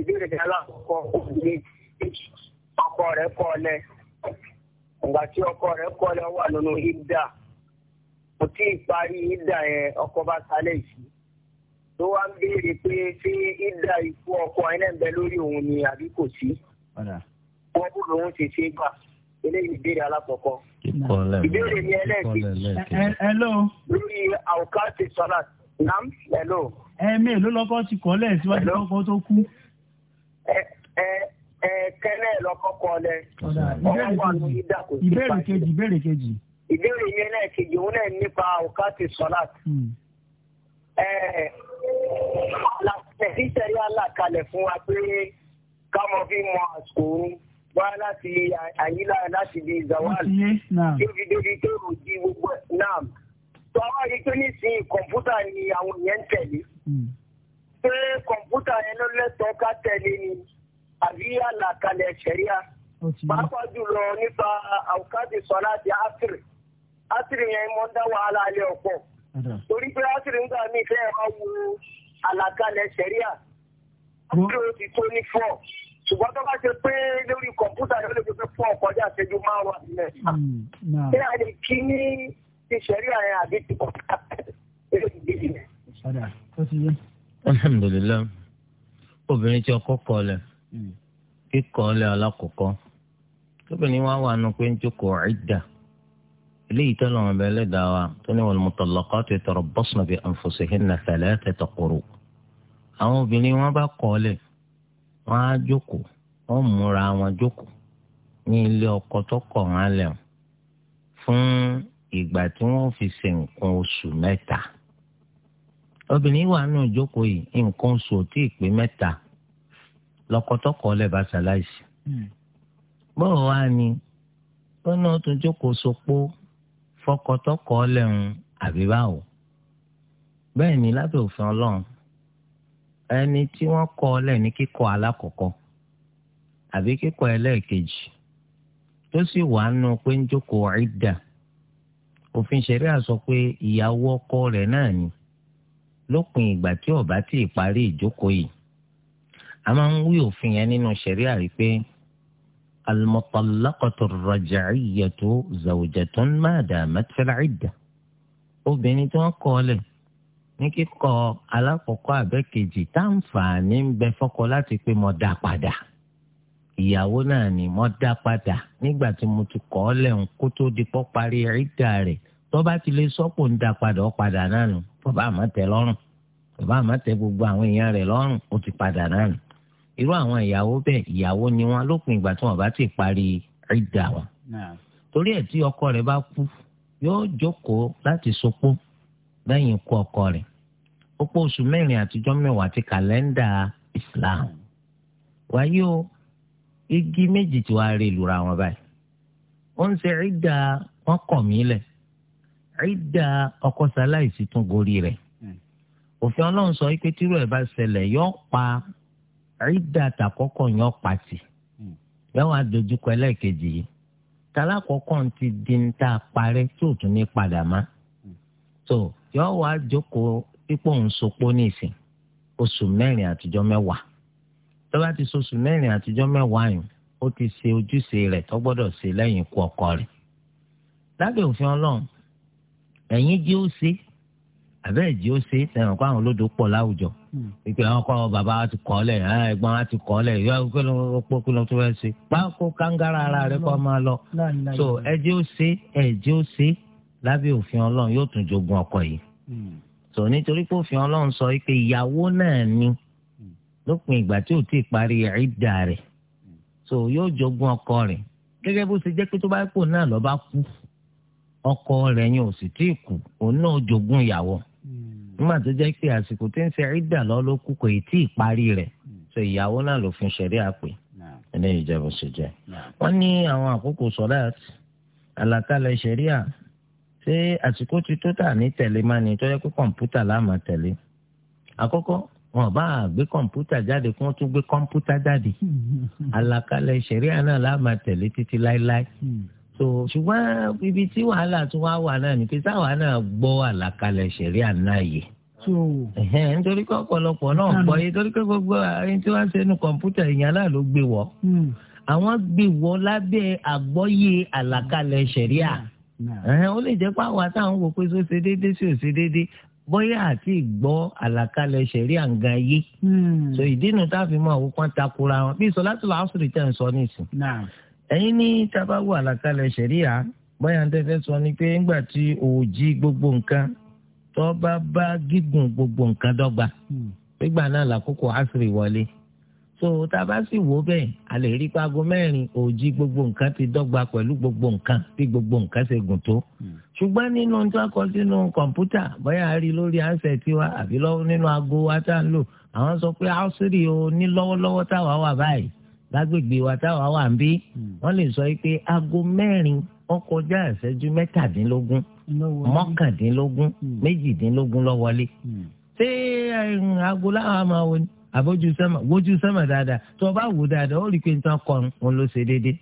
C: ìbéèrè mi alákọ̀ọ́kọ́ òun ni ọkọ rẹ̀ kọ́ ọ lẹ́ ìgbà tí ọkọ rẹ̀ kọ́lẹ̀ wà nínú ìdá kò tí ì parí ìdá yẹn ọkọ bá sálẹ̀ sí tó wá ń béèrè pé ṣé ìdá ikú ọkọ ẹ̀ náà ń bẹ lórí òun ni àbí kò sí wọn kò lóun ṣe ṣe gbà eléyìí ìbéèrè alákọ̀ọ́kọ́ ìbéèrè mi ẹlẹ́ẹ̀kejì lórí àwòká ti sọ́nà nam hello.
A: ẹ̀ẹ́mẹ́ ló lọ́kọ́ ti kọ́lẹ̀ síwájú lọ́kọ́ tó kú.
C: ẹ ẹ ẹ̀ẹ́kẹ́lẹ́ lọ́kọ́kọ́ lẹ. ìbéèrè
A: kejì ìbéèrè kejì.
C: ìbéèrè yẹn náà kejì òun náà nípa òkàtì sọ́lát. Hmm. ẹ̀ẹ́dísẹ́rí alákalẹ̀ fún wa pé ká mọ bí mọ àsìkò oorun wá láti àyílá láti di zawal débi débi tó rò di gbogbo náà tó àwọn àdìgbò nísìnyí kọ̀ǹpútà ni àwọn yẹn ń tẹ̀lé hmm. pé kọ̀ǹpútà yẹn ló lẹ́tọ̀ọ́ ká tẹ̀lé ni àbí àlàkalẹ̀ ṣẹ̀ríà pàápàá jùlọ nípa àwùkáàdì sọlá àti ásírì ásírì yẹn mọ dá wàhálà alẹ́ ọ̀pọ̀ torí pé ásírì ń gbà mí fẹ́ máa wo àlàkalẹ̀ ṣẹ̀ríà ásírì ó ti tó ní fọ́ ṣùgbọ́n tó bá ṣe pé lórí kọ̀ǹpútà yóò lè fi fún ọ̀kọ́jà ṣẹ́jú márùn-ún àti mẹ́ta hmm, kí a lè kí ní ti ṣẹ̀ríà yẹn àbí ti kọ̀ǹpútà yóò
B: alhamdulilayi obìnrin tí ọkọ kọ lẹ Hmm. kíkọ́ ọlẹ́ alákọ̀ọ́kọ́ tóbìnrin wá wà nù pé ń jókòó ìdà eléyìí tó lọ́wọ́ bẹ́ẹ̀ lẹ́dàá wa tó ní wal-mutallaqātu yatarabbasna bi anfusihinna thalāthata qurū' àwọn obìnrin wọn bá kọ́ ọlẹ̀ wọn á jókòó wọn múra wọn jókòó ní ilé ọkọ tó kọ̀ wọn lẹ̀ fún ìgbà tí wọn fi ṣe nǹkan oṣù mẹ́ta obìnrin nù jókòó yìí lọ́kọ́tọ́kọ́ lẹ̀ bá ṣaláìsí. Hmm. bọ́ọ̀ wá ni bọ́nà tó jókòó sopó fọkọ́tọ́kọ́ lẹ́hùn àbí báwo. bẹ́ẹ̀ ni lábẹ́ òfin ọlọ́run ẹni tí wọ́n kọ́ lẹ̀ ní kíkọ́ alákọ̀ọ́kọ́ àbí kíkọ́ ẹlẹ́ẹ̀kejì tó sì wà nù pé ń jókòó ìdà òfin ṣẹ̀ríà sọ pé ìyàwó ọkọ rẹ̀ náà ni lópin ìgbà tí ó ti parí ìjókòó yìí a máa ń wí òfin yẹn nínú ṣẹ̀ríà rí pé al-mutallaqatu ar-raj'iyyatu zawjatun ma damat fil-'iddah obìnrin tí wọ́n kọ̀ lẹ̀ ní kíkọ̀ alákọ̀ọ́kọ́ àbẹ́kejì táǹfààní ń bẹ fọ́kọ láti pé mo dá padà ìyàwó náà ni mo dá padà nígbà tí mo ti kọ̀ ọ́ ń kó tó di pọ́ parí ìdá rẹ̀ tó bá ti lè sọ́pò ń dá padà ó padà náà nù bàbá àmọ́ lọ́rùn bàbá àmọ́ gbogbo àwọn èèyàn rẹ̀ lọ́rùn ó ti padà náà nù irú àwọn ìyàwó bẹ́ẹ̀ ìyàwó ni wọ́n lópin ìgbà tí wọ́n bá ti parí ìdà wọn. torí ẹ̀ tí ọkọ rẹ̀ bá kú yóò jókòó láti sopó lẹ́yìn ikú ọkọ rẹ̀ ó oṣù mẹ́rin àtijọ́ mẹ́wàá ti kàlẹ́ndà Islam wáyé o igi méjì tí wàá rí lura wọn báyìí ó ń ṣe ìdà wọn kọ̀ mí lẹ̀ ìdà ọkọ sáláìsì tún gorí rẹ̀ hmm. òfin ọlọ́run sọ pé tírú ẹ̀ bá ṣẹlẹ̀ yóò pa rídà tàkọ́kọ́ yan pàtì yẹn hmm. wàá dojúkọ ẹlẹ́ẹ̀kejì yìí tàlákọ́kọ́ ti di ń ta parẹ́ tí ò tún ní padà má hmm. so yọ wàá jókòó pípọ̀ ń sopó nísìn oṣù mẹ́rin àtijọ́ mẹ́wàá tó bá ti soṣù mẹ́rin àtijọ́ mẹ́wàá yìí ó ti ṣe ojúṣe rẹ̀ tó gbọ́dọ̀ ṣe lẹ́yìn ikú ọkọ rẹ̀ lábẹ́ òfin ọlọ́run ẹ̀yin jí ó ṣe é àbẹ́ẹ̀ jí ó ṣe ẹ̀ràn kó àwọn olódò pọ̀ láwùjọ hmm. ìpè àwọn kọ́ bàbá wa ti kọ́ lẹ̀ ẹ̀gbọ́n wa ti kọ́ lẹ̀ yọ kí ló pọ́ kí ló tó fẹ́ ṣe pákó kángárá ara rẹ kọ́ máa lọ so ẹ jí ó ṣe ẹ jí ó ṣe lábẹ́ òfin ọlọ́run yóò tún jogun ọkọ yìí hmm. so nítorí pé òfin ọlọ́run sọ pé ìyàwó náà ni hmm. lópin ìgbà tí ò tí ì parí ìdá rẹ̀ so yóò jogun ọkọ rẹ̀ gẹ́gẹ́ bó ṣe jẹ́ pé tó bá pò náà lọ́ ọkọ rẹ̀ yẹn ò sì tí ì kú òun náà jogun ìyàwó nígbà tó jẹ́ pé àsìkò tí ń ṣe ìdà lọ ló kú kò ì tí ì parí rẹ̀ so ìyàwó náà ló fi ṣẹ̀rí àpè eléyìí jẹ́ bó ṣe jẹ́. wọ́n ní àwọn àkókò sọ́láàt àlàkalẹ̀ ṣẹ̀ríà ṣé àsìkò ti tó tà ní tẹ̀lé máa ní tó yẹ pé kọ̀ǹpútà la máa tẹ̀lé. àkọ́kọ́ wọn bá gbé kọ̀ǹpútà jáde kí wọ́n tún gbé kọ̀ǹpútà jáde
D: hmm.
B: àlàkalẹ̀ ṣẹ̀ríà náà la máa tẹ̀lé títí láéláé. Hmm so ṣùgbọ́n ibi tí wàhálà tún wá wà náà ni pé táwa náà gbọ́ àlàkalẹ̀ ṣẹ̀rí àná yìí nítorí pé ọ̀pọ̀lọpọ̀ náà gbọ́ yìí torí pé gbogbo àárín tí wọ́n ń ṣe nu kọ̀ǹpútà ìyẹn náà ló gbé wọ́ hmm. àwọn gbé wọ́ lábẹ́ àgbọ́yé àlàkalẹ̀ ṣẹ̀ríà ó lè jẹ́ pé àwọn àtàwọn wò pé ṣó ṣe déédéé sí ò ṣe déédéé bóyá àti ìgbọ́ àlàkalẹ̀ ṣẹ̀ríà ń ga yé hmm. so ìdí nu táfi mọ̀ àwọn kan takora wọn bí sọlá tó làásùrì tẹ̀ ń ẹ̀yin ní tábà wà lákàlẹ̀ ṣẹ̀ríà báyà ń tẹ́fẹ́ sọ ni pé ńgbà tí òòjì gbogbo nǹkan tó bá bá gígùn gbogbo nǹkan dọ́gba nígbà náà làkókò àṣírí wọlé so tábà sì wò bẹ́ẹ̀ a lè rí pago mẹ́rin òòjì gbogbo nǹkan ti dọ́gba pẹ̀lú gbogbo nǹkan bí gbogbo nǹkan ṣe gùn tó hmm. ṣùgbọ́n nínú tí wọ́n kọ sínú kọ̀ǹpútà báyà a rí lórí àṣẹ tiwa àbí lọ́wọ́ nínú aago wa tá à ń lò àwọn sọ pé àṣírí o ní lọ́wọ́lọ́wọ́ táwa wà báyìí lágbègbè wa táwa wà ń bí hmm. wọ́n lè sọ pé aago mẹ́rin ó kọjá ìṣẹ́jú mẹ́tàdínlógún mọ́kàndínlógún hmm. méjìdínlógún ló wọlé hmm. ṣé aago láwọn máa wọ ni àbójú sẹ́mà wojú sẹ́mà dáadáa tó o bá wò dáadáa ó rí i pé nǹkan kan òun ló ṣe déédéé.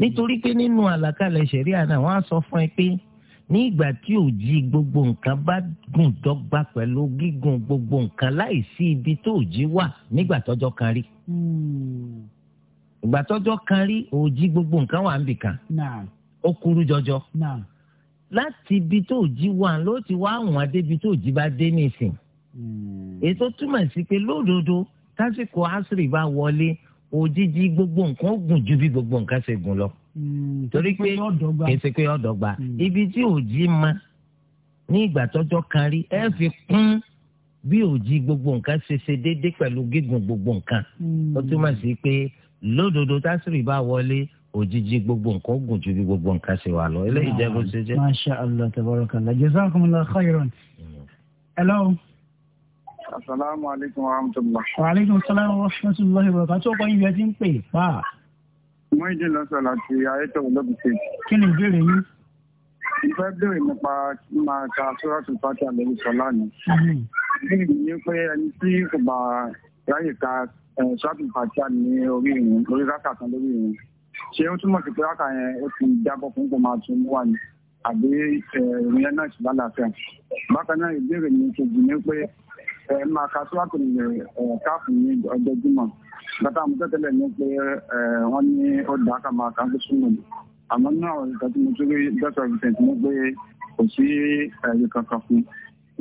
B: nítorí pé nínú àlàkalẹ̀ ṣẹ̀ríà náà wọ́n á sọ fún ẹ pé ní ìgbà tí òjì gbogbo nǹkan bá gùn dọ́gba pẹ̀lú gígùn gbogbo nǹkan láì sí ibi tó òjì wà nígbà tọ́jọ́ kan rí ìgbà tọ́jọ́ kan rí òòjì gbogbo nǹkan wà níbì kan ó kúrú jọjọ láti ibi tó òòjì wà ló ti wá àwọn débi tó òòjì bá dé nìsín hmm. ètò túmọ̀ sí pé lódodo tásìkò àṣírí bá wọlé òjijì gbogbo nǹkan ó gùn ju bí gbogbo nǹkan ṣe gùn lọ. Hmm. torí pé kèsì pé ọ̀dọ̀gba hmm. ibi tí òjì ma ní ìgbà tọ́jọ́ kan rí ẹ fi kún bí òjì gbogbo nǹkan ṣe ṣe déédé pẹ̀lú gígùn gbogbo nǹkan ó túmọ̀ sí pé lódodo tásìrì bá wọlé òjijì gbogbo nǹkan gùn ju bí gbogbo nǹkan ṣe wà lọ eléyìí jẹ bó ṣe jẹ. masha
A: allah tabarakallah jazakumullahu khairan. hello. asalaamualeykum wa rahmatulah. wa aleykum salaam wa rahmatulah ibrahima tó kọ́ ibi ẹ ti ń pè pa.
C: mo ń dín lọ́sọ̀ láti ayétọ́ olóbìsè.
A: kí ni ìbéèrè yín.
C: ìfẹ́ bèrè nípa máa ka sọ́ọ́tù pátá lórí sọ́lá ni. Mm-hmm. bí mi ní pé ẹni tí kò bá ráyè ka ṣáàtì fàtíà ní orí ìrìn lórí rákà kan lórí ìrìn ṣé ó túmọ̀ sí pé rákà yẹn ó ti jábọ̀ fún kò máa tún wà ní àbí ìrìn yẹn náà sì lálàáfíà bákan náà ìbéèrè mi kejì ni pé ẹ máa ka síwájú ní káàpù ní ọjọ́ jùmọ̀ bàtà àmútẹ́tẹ́lẹ̀ ní pé wọ́n ní ó dà ká máa kàn fún àmọ́ náà ìgbà tí mo tún rí dr vincent ní pé kò sí ẹ̀rí kankan fún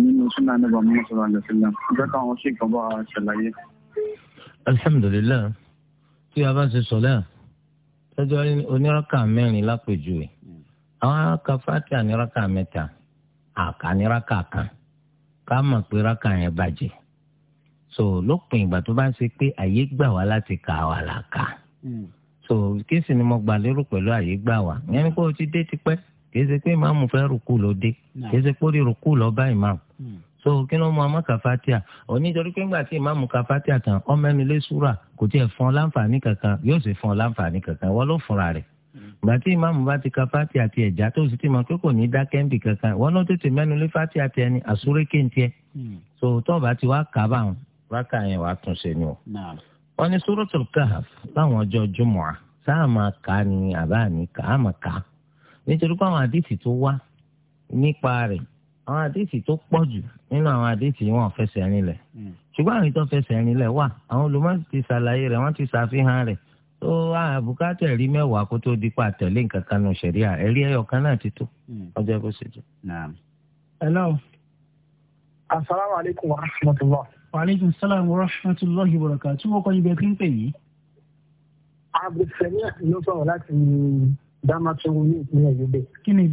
C: nínú súnà nígbà mọ́sálásí náà ìjọba àwọn ṣèkọ́bọ̀ ṣàlàyé
B: alhamdulilayi tí a bá ṣe sọlẹ tọjọ oníraka mẹ́rin lápèjúwe àwọn araka fatia níraka mẹ́ta àká níraka kan ká mọ̀ pé raka yẹn bàjẹ́ so lópin ìgbà tó bá ń ṣe pé àyè gbà wá láti kà wá là kà so kéèsì ni mo gbà lérò pẹ̀lú àyè gbà wá yẹn ni pé o ti dé tipẹ́ kéèsì pé ìmáàmù fẹ́ rùkú ló dé kéèsì pé ó rí rùkú lọ bá ìmáàmù so kí ló mú ọmọ kàfátíà onítorí pé ńgbà tí ìmáàmù kàfátíà tán ọmọ ẹni lé súrà kò tiẹ̀ fún ọ láǹfààní kankan yóò sì fún ọ láǹfààní kankan wọ́n ló fúnra rẹ̀ ìgbà tí ìmáàmù bá ti ka fáti àti ẹ̀já tó sì ti mọ̀ pé kò ní dákẹ́ ń bì kankan wọ́n ló tètè mẹ́nu lé fáti àti ẹni àsúré kéńtiẹ́ hmm. so tọ́ọ̀bù àti wàá kà bá wọn rákà yẹn wàá tún ṣe ni o. wọ́n ní suratul kahf àwọn àdéhìí tó pọ̀ jù nínú àwọn àdéhìí wọn fẹsẹ̀ rinlẹ̀ hmm. ṣùgbọ́n àwọn ìtàn fẹsẹ̀ rinlẹ̀ wà àwọn olùmọ̀ ti ṣàlàyé rẹ̀ wọ́n ti ṣàfihàn rẹ̀ tó àbùkátà ẹ̀rí mẹ́wàá kó tó di pa àtẹ̀lé nǹkan kan nù ṣẹ̀ríà ẹ̀rí ẹyọ kan náà ti tó hmm. ọjọ́ kó ṣe jù.
A: hello. asalaamualeykum wa rahmatulah. wa aleykum salaam wa rahmatulah ibaraka tí wọ́n kọ́ ibẹ̀ kí n pè yìí. abdulsani ló sọ̀rọ̀ ni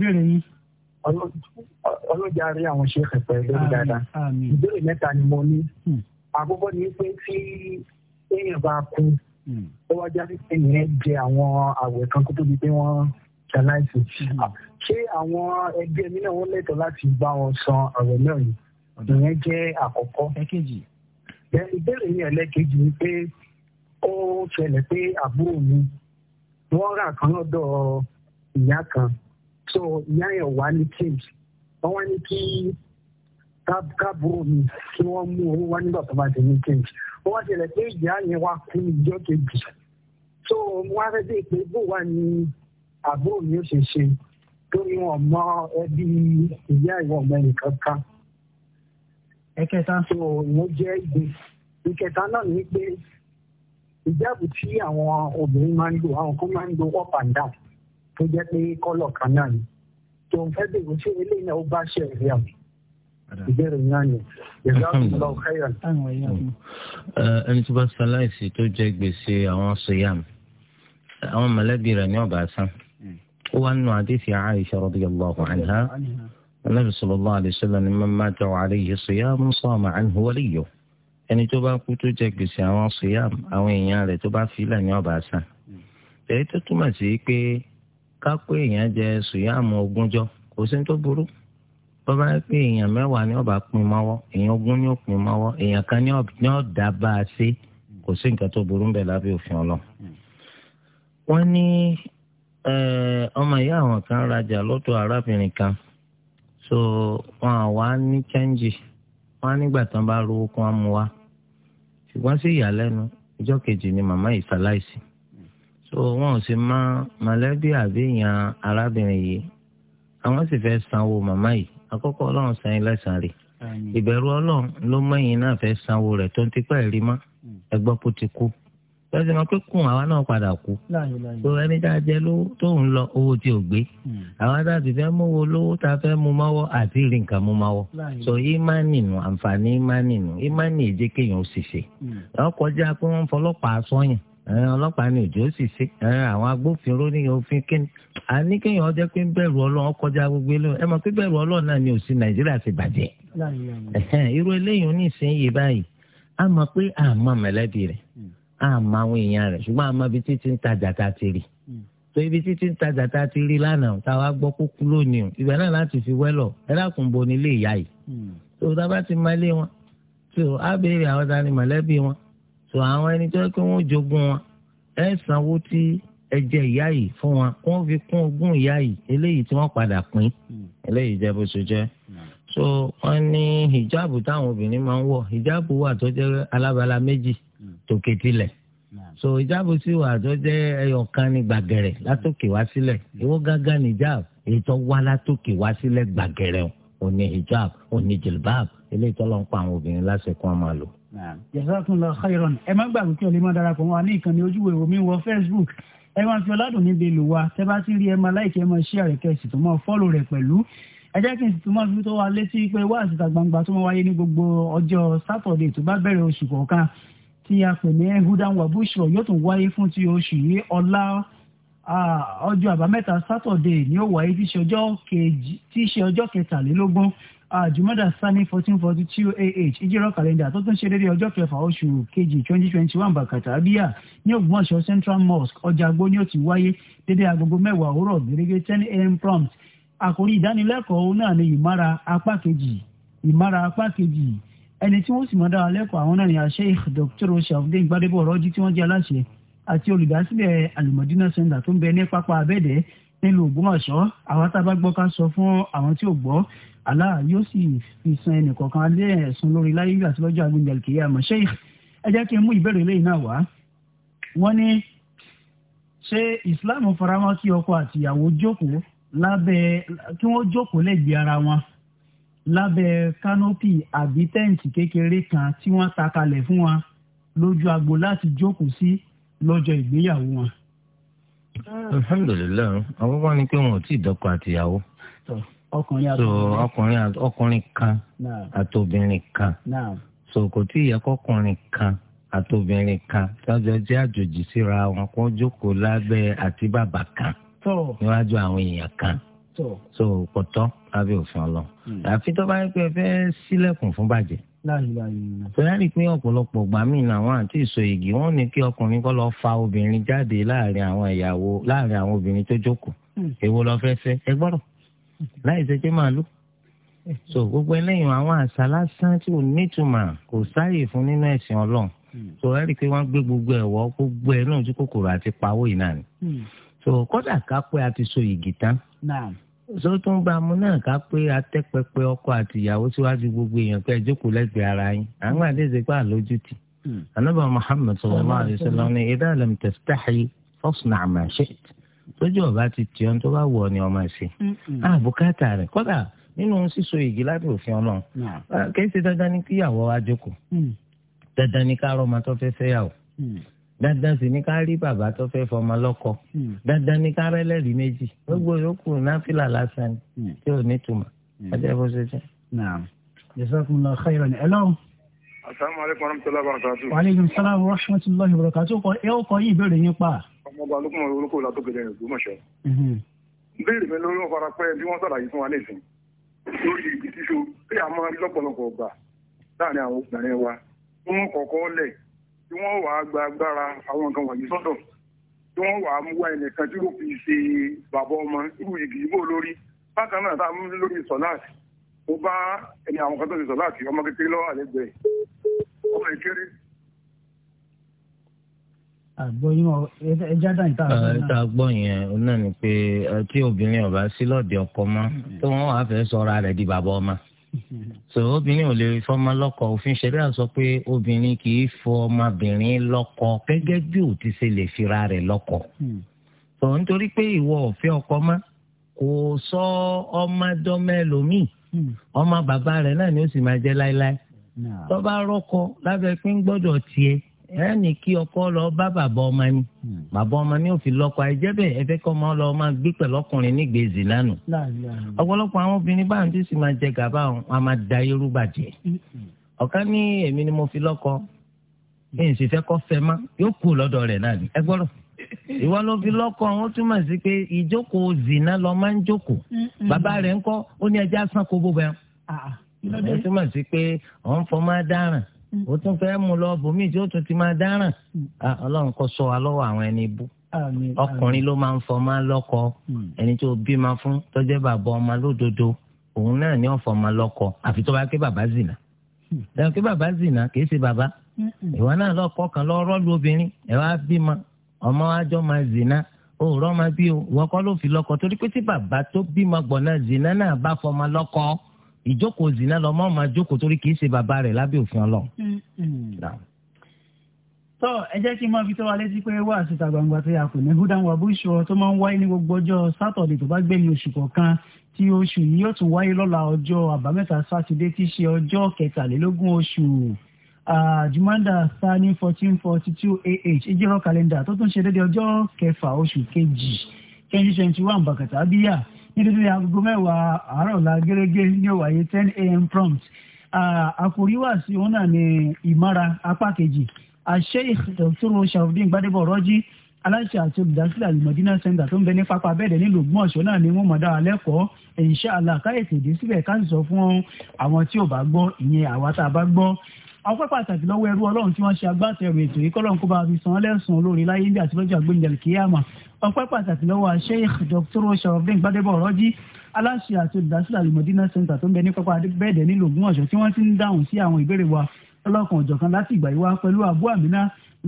C: ọlọ́jà rí àwọn ṣe pẹ̀pẹ́ lórí dáadáa ìbéèrè mẹ́ta ni mo ní hmm. àkọ́kọ́ ni pé tí èèyàn bá kú hmm. ó wá jáde pé ìyẹn jẹ àwọn àwẹ̀ kan kó tó di pé wọ́n ṣaláìsì hmm. ṣé àwọn ẹgbẹ́ mi náà wọ́n lẹ́tọ̀ọ́ láti bá wọn san àwẹ̀ náà yìí ìyẹn jẹ́ àkọ́kọ́ ìbéèrè mi ẹlẹ́kejì ni pé ó ṣẹlẹ̀ pé àbúrò mi wọ́n rà kan lọ́dọ̀ ìyá kan so ìyá yẹn wà ní change wọ́n wá ní kí káàbùrò mi kí wọ́n mú owó wá nígbà tó bá ti ní change wọ́n wá ṣẹlẹ̀ pé ìyá yẹn wá kú ìjọ́ kejì so wọ́n á fẹ́ dé pé bó wà ní àbúrò mi ó ṣe ṣe torí wọn mọ ẹbí ìyá ìwọ ọmọ ẹnìkan ká ẹ̀kẹta so ìwọ jẹ́ ìgbé ìkẹta náà ní pé ìjáàbù tí àwọn obìnrin máa ń lò àwọn kan máa ń lò up and down tó jẹ́ pé kọ́lọ̀ kan náà ni tó ń fẹ́ bèrè ṣé eléyìí náà ó bá ṣe ẹ̀rí àmì ìbéèrè náà ni jazakumullahu khairan.
B: ẹni tó bá ṣaláìsí tó jẹ́ gbèsè àwọn siyam àwọn mọ̀lẹ́bí rẹ̀ ní ọ̀bà sàn ó wá nù àdéhìí Aisha radiyallahu anha Ànábì sallallahu alaihi wasallam ni man mata wa alayhi siyam sama anhu waliyuh ẹni tó bá kú tó jẹ gbèsè àwọn siyam àwọn èèyàn rẹ̀ tó bá filẹ̀ ní ọ̀bà sàn hmm. èyí túmọ̀ sí pé ká pé èèyàn jẹ sùyàmù ogúnjọ́ kò sí tó burú tó bá pé èèyàn mẹ́wàá ni ọba pin mọ́wọ́ èèyàn ogún ni ó pin mọ́wọ́ èèyàn kan ni ó dá bá a ṣe kò sí nǹkan tó burú ń bẹ lábẹ́ òfin ọlọ́run. wọ́n ní ọmọ ìyá àwọn kan rajà lọ́dọ̀ arábìnrin kan so wọn àwa ní chẹ́ńjì wọn nígbà tán bá rówó kún amú wa ṣùgbọ́n sí ìyàlẹ́nu ọjọ́ kejì ni màmá yìí ṣaláìsí. so wọn ò sì mọ mọ̀lẹ́bí àbíyàn arábìnrin yìí àwọn sì fẹ́ sanwó màmá yìí àkọ́kọ́ ọlọ́run san yín lẹ́san rẹ̀ ìbẹ̀rù ọlọ́run ló mẹ́yìn náà fẹ́ sanwó rẹ̀ tó ń tipẹ́ rí mọ́ hmm. ẹgbọ́n kó ti kú lọ́sẹ̀ máa pé kùn àwa náà padà kú tó ẹni tá a jẹ lówó tó ń lọ owó tí ò gbé hmm. àwa tá a sì fẹ́ mú owó lówó tá a fẹ́ mú máwọ́ àti rí nǹkan mú máwọ́ sọ ìmánì àǹfààní ìmánì nù ìmánì kéèyàn ó sì ṣe hmm. ọkọ̀ jẹ́ pé wọ́n fọlọ́pàá sọ́yìn ọlọ́pàá ní òjò sì ṣe àwọn agbófinró ní òfin kí a ní kéèyàn ọjọ́ pé ń bẹ̀rù ọlọ́run kọjá gbogbo eléyìí ẹ mọ̀ pé bẹ̀rù ọlọ́run náà ni òsì nàìjíríà ti bàjẹ́ irú eléyìí ní ìsinyìí báyìí a mọ̀ pé a mọ̀ mẹ̀lẹ́bí rẹ̀ a mọ̀ àwọn èèyàn rẹ̀ ṣùgbọ́n a mọ̀ ibi títí ń tajà tá a ti rí tó ibi títí ń tajà tá a ti rí lánàá táwa gbọ́ kó kú lónìí ibẹ̀ náà láti fi wẹ́lọ̀ ẹ dákun bo nílé ìyá yìí hmm. tó tá a a béèrè àwọn ta ni so àwọn ẹni tó yẹ kí wọ́n jogún wọn ẹ sanwó tí ẹ jẹ ìyá yìí fún wọn kí wọ́n fi kún ogún ìyá yìí eléyìí tí wọ́n padà pín hmm. eléyìí jẹ́ bó ṣe jẹ́ hmm. so wọ́n ní hijab táwọn obìnrin máa ń wọ̀ hijab wà tó jẹ́ alábala méjì hmm. tòkè tilẹ̀ so hijab sì wà tó jẹ́ ẹyọkan ní gbàgẹ̀rẹ̀ látòkè wá sílẹ̀ èwo gángan ní hijab èyí tó wá látòkè wá sílẹ̀ gbàgẹ̀rẹ̀ òní hijab òní jilbab eléyìí tó lọ ń pa àwọn obìnrin lásìkò ọmọ àlò
A: jazakumullahu khairan ẹ má gbàgbé kí ọlẹ́mọ̀ darapọ̀ wà ní ìkànnì ojúwe omi wọ facebook ẹ máa fi ọládùn níbi lò wá tẹ bá ti rí ẹ máa láìkí ẹ máa ṣí àrẹ̀kẹ́ sì tó máa fọ́lò rẹ̀ pẹ̀lú ẹ jẹ́ kí n sì tún máa fi tó wa létí pé wá àsìta gbangba tó máa wáyé ní gbogbo ọjọ́ sátọ̀dé tó bá bẹ̀rẹ̀ oṣù kọ̀ọ̀kan tí a pè ní hudan wabushọ yóò tún wáyé fún ti oṣù yìí ọ̀la ọjọ́ àbámẹ́ta sátọ̀dé ni ó wáyé tí í ṣe ọjọ́ kẹtàlélógún àjùmọ́dà sani fourteen forty two ah ìjírọ̀ kàlẹ́ndà tó tún ṣe déédéé ọjọ́ kẹfà oṣù kejì twenty twenty one bàkàtà bíyà ní ògbómọ̀ṣọ́ central mosque ọjà agbó ni ó ti wáyé déédéé agogo mẹ́wàá òwúrọ̀ gẹ́gẹ́ ten am prompt àkórí ìdánilẹ́kọ̀ọ́ òun náà ni ìmára apá kejì ìmára apá kejì ẹni tí wọ́n sì mọ̀ dára lẹ́kọ̀ọ́ àwọn náà ni Sheikh Dr. Shafdin Gbadebo Ọ̀rọ̀jì tí wọ́n jẹ́ aláṣẹ àti olùdásílẹ̀ Al-Madina Center tó ń nílùú Ògbómọ̀ṣọ́ àwọn tá a bá gbọ́ ká sọ fún àwọn tí ò gbọ́ Allah yóò sì fi san ẹnìkọ̀ọ̀kan alẹ́ ẹ̀sùn lórí láyé àti lọ́jọ́ àgbẹ̀dẹ̀ kìí àmọ́ ẹ jẹ́ kí n mú ìbéèrè lẹ́yìn náà wá wọ́n ní ṣé Islam faramọ́ kí ọkọ àtìyàwó jókòó lábẹ́ kí wọ́n jókòó lẹ́gbẹ̀ẹ́ ara wọn lábẹ́ kánópì àbí tẹ́ǹtì kékeré kan tí wọ́n ta kalẹ̀ fún wọn lójú agbo láti jókòó sí lọ́jọ́ ìgbéyàwó wọn.
D: Ah.
B: alhamdulilayi àwọn wá ní pé wọn ò tí ì dọ́kọ àtìyàwó so ọkùnrin ọkùnrin kan àtòbìnrin kan so kò tí ì yẹ kọkùnrin kan àtòbìnrin kan tọjọ jẹ àjòjì síra wọn kó jókòó lábẹ́ àti bàbá kan níwájú àwọn èèyàn kan so kò tọ́ lábẹ́ òfin ọlọ́ hmm. àfi tó bá yẹ pé ẹ fẹ́ sílẹ̀kùn fún bàjẹ́ tọ́yárì pé ọ̀pọ̀lọpọ̀ gbà mí làwọn àti ìsọ igi wọ́n ní kí ọkùnrin kọ́ lọ fa obìnrin jáde láàrin àwọn ìyàwó láàrin àwọn obìnrin tó jókòó hmm. èwo lọ fẹ́ fẹ́ ẹ gbọ́dọ̀ láì ṣe pé màálù so gbogbo ẹlẹ́yìn àwọn àṣà lásán tí ò nítumọ̀ kò sáàyè fún nínú ẹ̀sìn ọlọ́run hmm. so ẹ rí i pé wọ́n gbé gbogbo ẹ̀wọ́ so kódà ká pé a ti sọ tó ń gba mu náà ká pé atẹ́pẹpẹ ọkọ àti ìyàwó síwájú gbogbo èèyàn pé ẹjọ́kù lẹ́gbẹ̀ẹ́ ara yín àwọn àdéhùn pa lójú tì. anábà hmm. muhammed sallallahu alaihi wasallam ní idha lam tastahi fasna' ma shi'ta tójú ọba ti tì ọ́n tó bá wù ọ́ ni ọmọ ẹ̀sìn. àbùkátà hmm. ah, rẹ̀ kọ́dà nínú sísọ ìgì lábẹ́ òfin ọlọ́run ah, kì í ṣe dandan ní kíyàwó wa jókòó hmm. dandan ní ká rọ́ọ̀mà tó fẹ́ fẹ́ yàwó dandan sì ní ká rí bàbá tó fẹ́ fọmọ lọ́kọ hmm. dandan ní ká rẹ́lẹ́rìí méjì hmm. gbogbo yòókù náfìlà lásán hmm. tí ò ní tuma ọjọ́ bó ṣe jẹ́. jazakumullahu khairan hello.
A: asalaamualeykum
C: warahmatulahi wabarakatuh.
A: waaleykum salaam wa rahmatulahi wa barakatuh kọ ẹ ó kọ yí ìbéèrè yín pa.
C: ọmọọba olókùn olókùn olókùn gẹ̀dẹ̀ rẹ̀ gbọ́mọ̀ṣẹ́. béèrè mi lórí wọn fara pẹ́ bí wọ́n sàlàyé fún wa nísìn lórí ìbísíṣó pé àmọ́ lọ́pọ̀lọpọ̀ ọgbà láàrin àwọn obìnrin wa wọ́n kọ̀ọ̀kọ́ lẹ̀ tí wọ́n wà á gba agbára àwọn nǹkan wọ̀nyí sọ́dọ̀ tí wọ́n wà á mú wá ẹnìkan tí yóò fi ṣe bàbá ọmọ irú yìí kìí bò lórí bákan náà tá a mú lórí sọ̀láàtì mo bá ẹni àwọn kan tó ṣe sọ̀láàtì ọmọ kékeré lọ́wọ́ àlẹ́gbẹ̀ẹ́ ọmọ
A: ìkéré àgbọ̀yìn ẹja dá ìta àgbọ̀yìn. ìta
B: àgbọ̀yìn ẹ̀ náà ni pé tí obìnrin ọ̀bá sí lọ́ọ̀dẹ̀ ọkọ mọ́ mm-hmm. tó wọ́n wàá fẹ́ sọ̀rọ̀ rẹ̀ di bàbá ọmọ so obìnrin ò lè fọmọ lọ́kọ òfin ṣẹlẹ̀ sọ pé obìnrin kì í fọ ọmọbìnrin lọ́kọ gẹ́gẹ́ bí ò ti ṣe lè fira rẹ̀ lọ́kọ so nítorí pé ìwọ ò fẹ́ ọkọ mọ́ kò sọ ọmọdọmọ ẹlòmíì ọmọ bàbá rẹ̀ náà ni ó sì máa jẹ́ láéláé tó bá rọ́kọ lábẹ́ pín gbọ́dọ̀ tiẹ̀ ẹ ní kí ọkọ lọ bá bàbá ọmọ ni hmm. bàbá ọmọ ni ó fi lọ́kọ ẹjẹ bẹ́ẹ̀ ẹ fẹ́ kọ ọmọ lọ máa gbé pẹ̀lú ọkùnrin nígbè zì lánàá ọ̀pọ̀lọpọ̀ àwọn obìnrin báwọn tí sì máa jẹ gàba wọn a máa da irú bàjẹ́ ọ̀kan ní èmi ni mo fi lọ́kọ èyí sì fẹ́ kọ fẹ́ má yóò kú lọ́dọ̀ rẹ̀ náà ni ẹ gbọ́dọ̀ ìwọ ló fi lọ́kọ wọn túmọ̀ sí pé ìjókòó zìnà lọ máa ń jókòó bàbá rẹ̀ ńkọ́ ó ní ẹjẹ asán kó bó bẹ ọ
D: ah, túmọ̀
B: sí pé ọ̀ Mm. ó tún fẹ́ mú lọ bòmíì tí ó tún ti máa dáràn mm. ọlọ́run kó sọ wa lọ́wọ́ àwọn ẹni bú ọkùnrin ló máa ń fọmọ lọ́kọ mm. ẹni tó bímọ fún tó jẹ́ bàbá ọmọ lódodo òun náà ni ó fọmọ lọ́kọ àfi tó bá ké bàbá zìnà ẹni ké bàbá zìnà kì í ṣe bàbá ìwọ náà lọ́kọ kan lọ rọ́ọ̀lù obìnrin ẹ wá bímọ ọmọ wájọ máa zìnà òòrọ̀ máa bí o ìwọ kọ́ ló fi lọ́kọ torí pé tí bàbá tó bímọ gbọ̀nà zìnà náà bá fọmọ lọ́kọ ìjókòó zina lọ mọ́ máa jókòó torí kìí ṣe bàbá rẹ̀ lábẹ́ òfin ọlọ́run.
A: tọ́ hmm. hmm. ẹ jẹ́ kí n máa fi tó wa létí pé wà á síta gbangba tó yà kù ní húdàn wà búṣọ tó máa ń wáyé ní gbogbo ọjọ́ sátọ̀dẹ̀ tó bá gbẹ̀yìn oṣù kọ̀ọ̀kan tí oṣù yìí yóò tún wáyé lọ́la ọjọ́ àbámẹ́ta sátidé tí í ṣe ọjọ́ kẹtàlélógún oṣù jumanda sani fourteen forty two ah ìjírọ̀ kàlẹ́ndà tó tún ṣe déédéé ọjọ́ kẹfà oṣù kejì twenty twenty one bàkàtà nítorí aago mẹ́wàá àárọ̀ la gẹ́gẹ́ ní ọ̀wáyé ten a.m. prompt àforíwàsí òun náà ni ìmọ̀ra apá kejì Sheikh Dr. Sharafdin Gbadebo Rọ́jí aláṣẹ àti olùdásílẹ̀ alimọ̀dínà center tó ń bẹ ní pápá abẹ́ẹ̀dẹ̀ nílùú Ògbómọ̀ṣọ́ náà ni wọ́n mọ̀ dára lẹ́kọ̀ọ́ inshallah káyọ̀tì dé síbẹ̀ ká sì sọ fún àwọn tí ò bá gbọ́ ìyẹn àwa tá a bá gbọ́ àwọn pàtàkì lọ́wọ́ ẹrú ọlọ́run tí wọ́n ṣe agbátẹrù ètò yìí kọ́lọ́run kó bá a fi san lẹ́sùn olórí láyé bí àtibọ́jà gbẹ̀ngàn kíyàmà ọpẹ́ pàtàkì lọ́wọ́ Sheikh Dr. Sharafdin Gbadebo Ọ̀rọ́jì aláṣẹ àti olùdásílẹ̀ al Center tó ń bẹ ní pápá bẹ́ẹ̀dẹ̀ nílùú Ògbómọ̀ṣọ́ tí wọ́n ti ń dáhùn sí àwọn ìbéèrè wa ọlọ́kan ọ̀jọ̀kan láti ìgbà yìí wá pẹ̀lú Abu Amina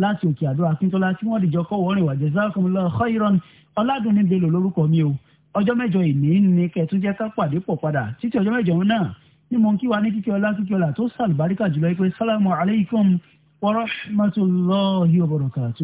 A: láti òkè àdó Akíntọ́lá tí wọ́n dìjọ kọ́ wọ́rin wà jazakumullahu khairan ọ̀làdùnní belò lórúkọ mi o ọjọ́ mẹ́jọ ìní ni kẹ́ẹ̀tún ká pàdé pọ̀ padà títí ọjọ́ mẹ́jọ náà ní mo ń kí wa ní kíkẹ́ ọlá kíkẹ́ ọlá tó sàlùbáríkà jùlọ pé sálámù alaykum wa rahmatulahi wa barakatu.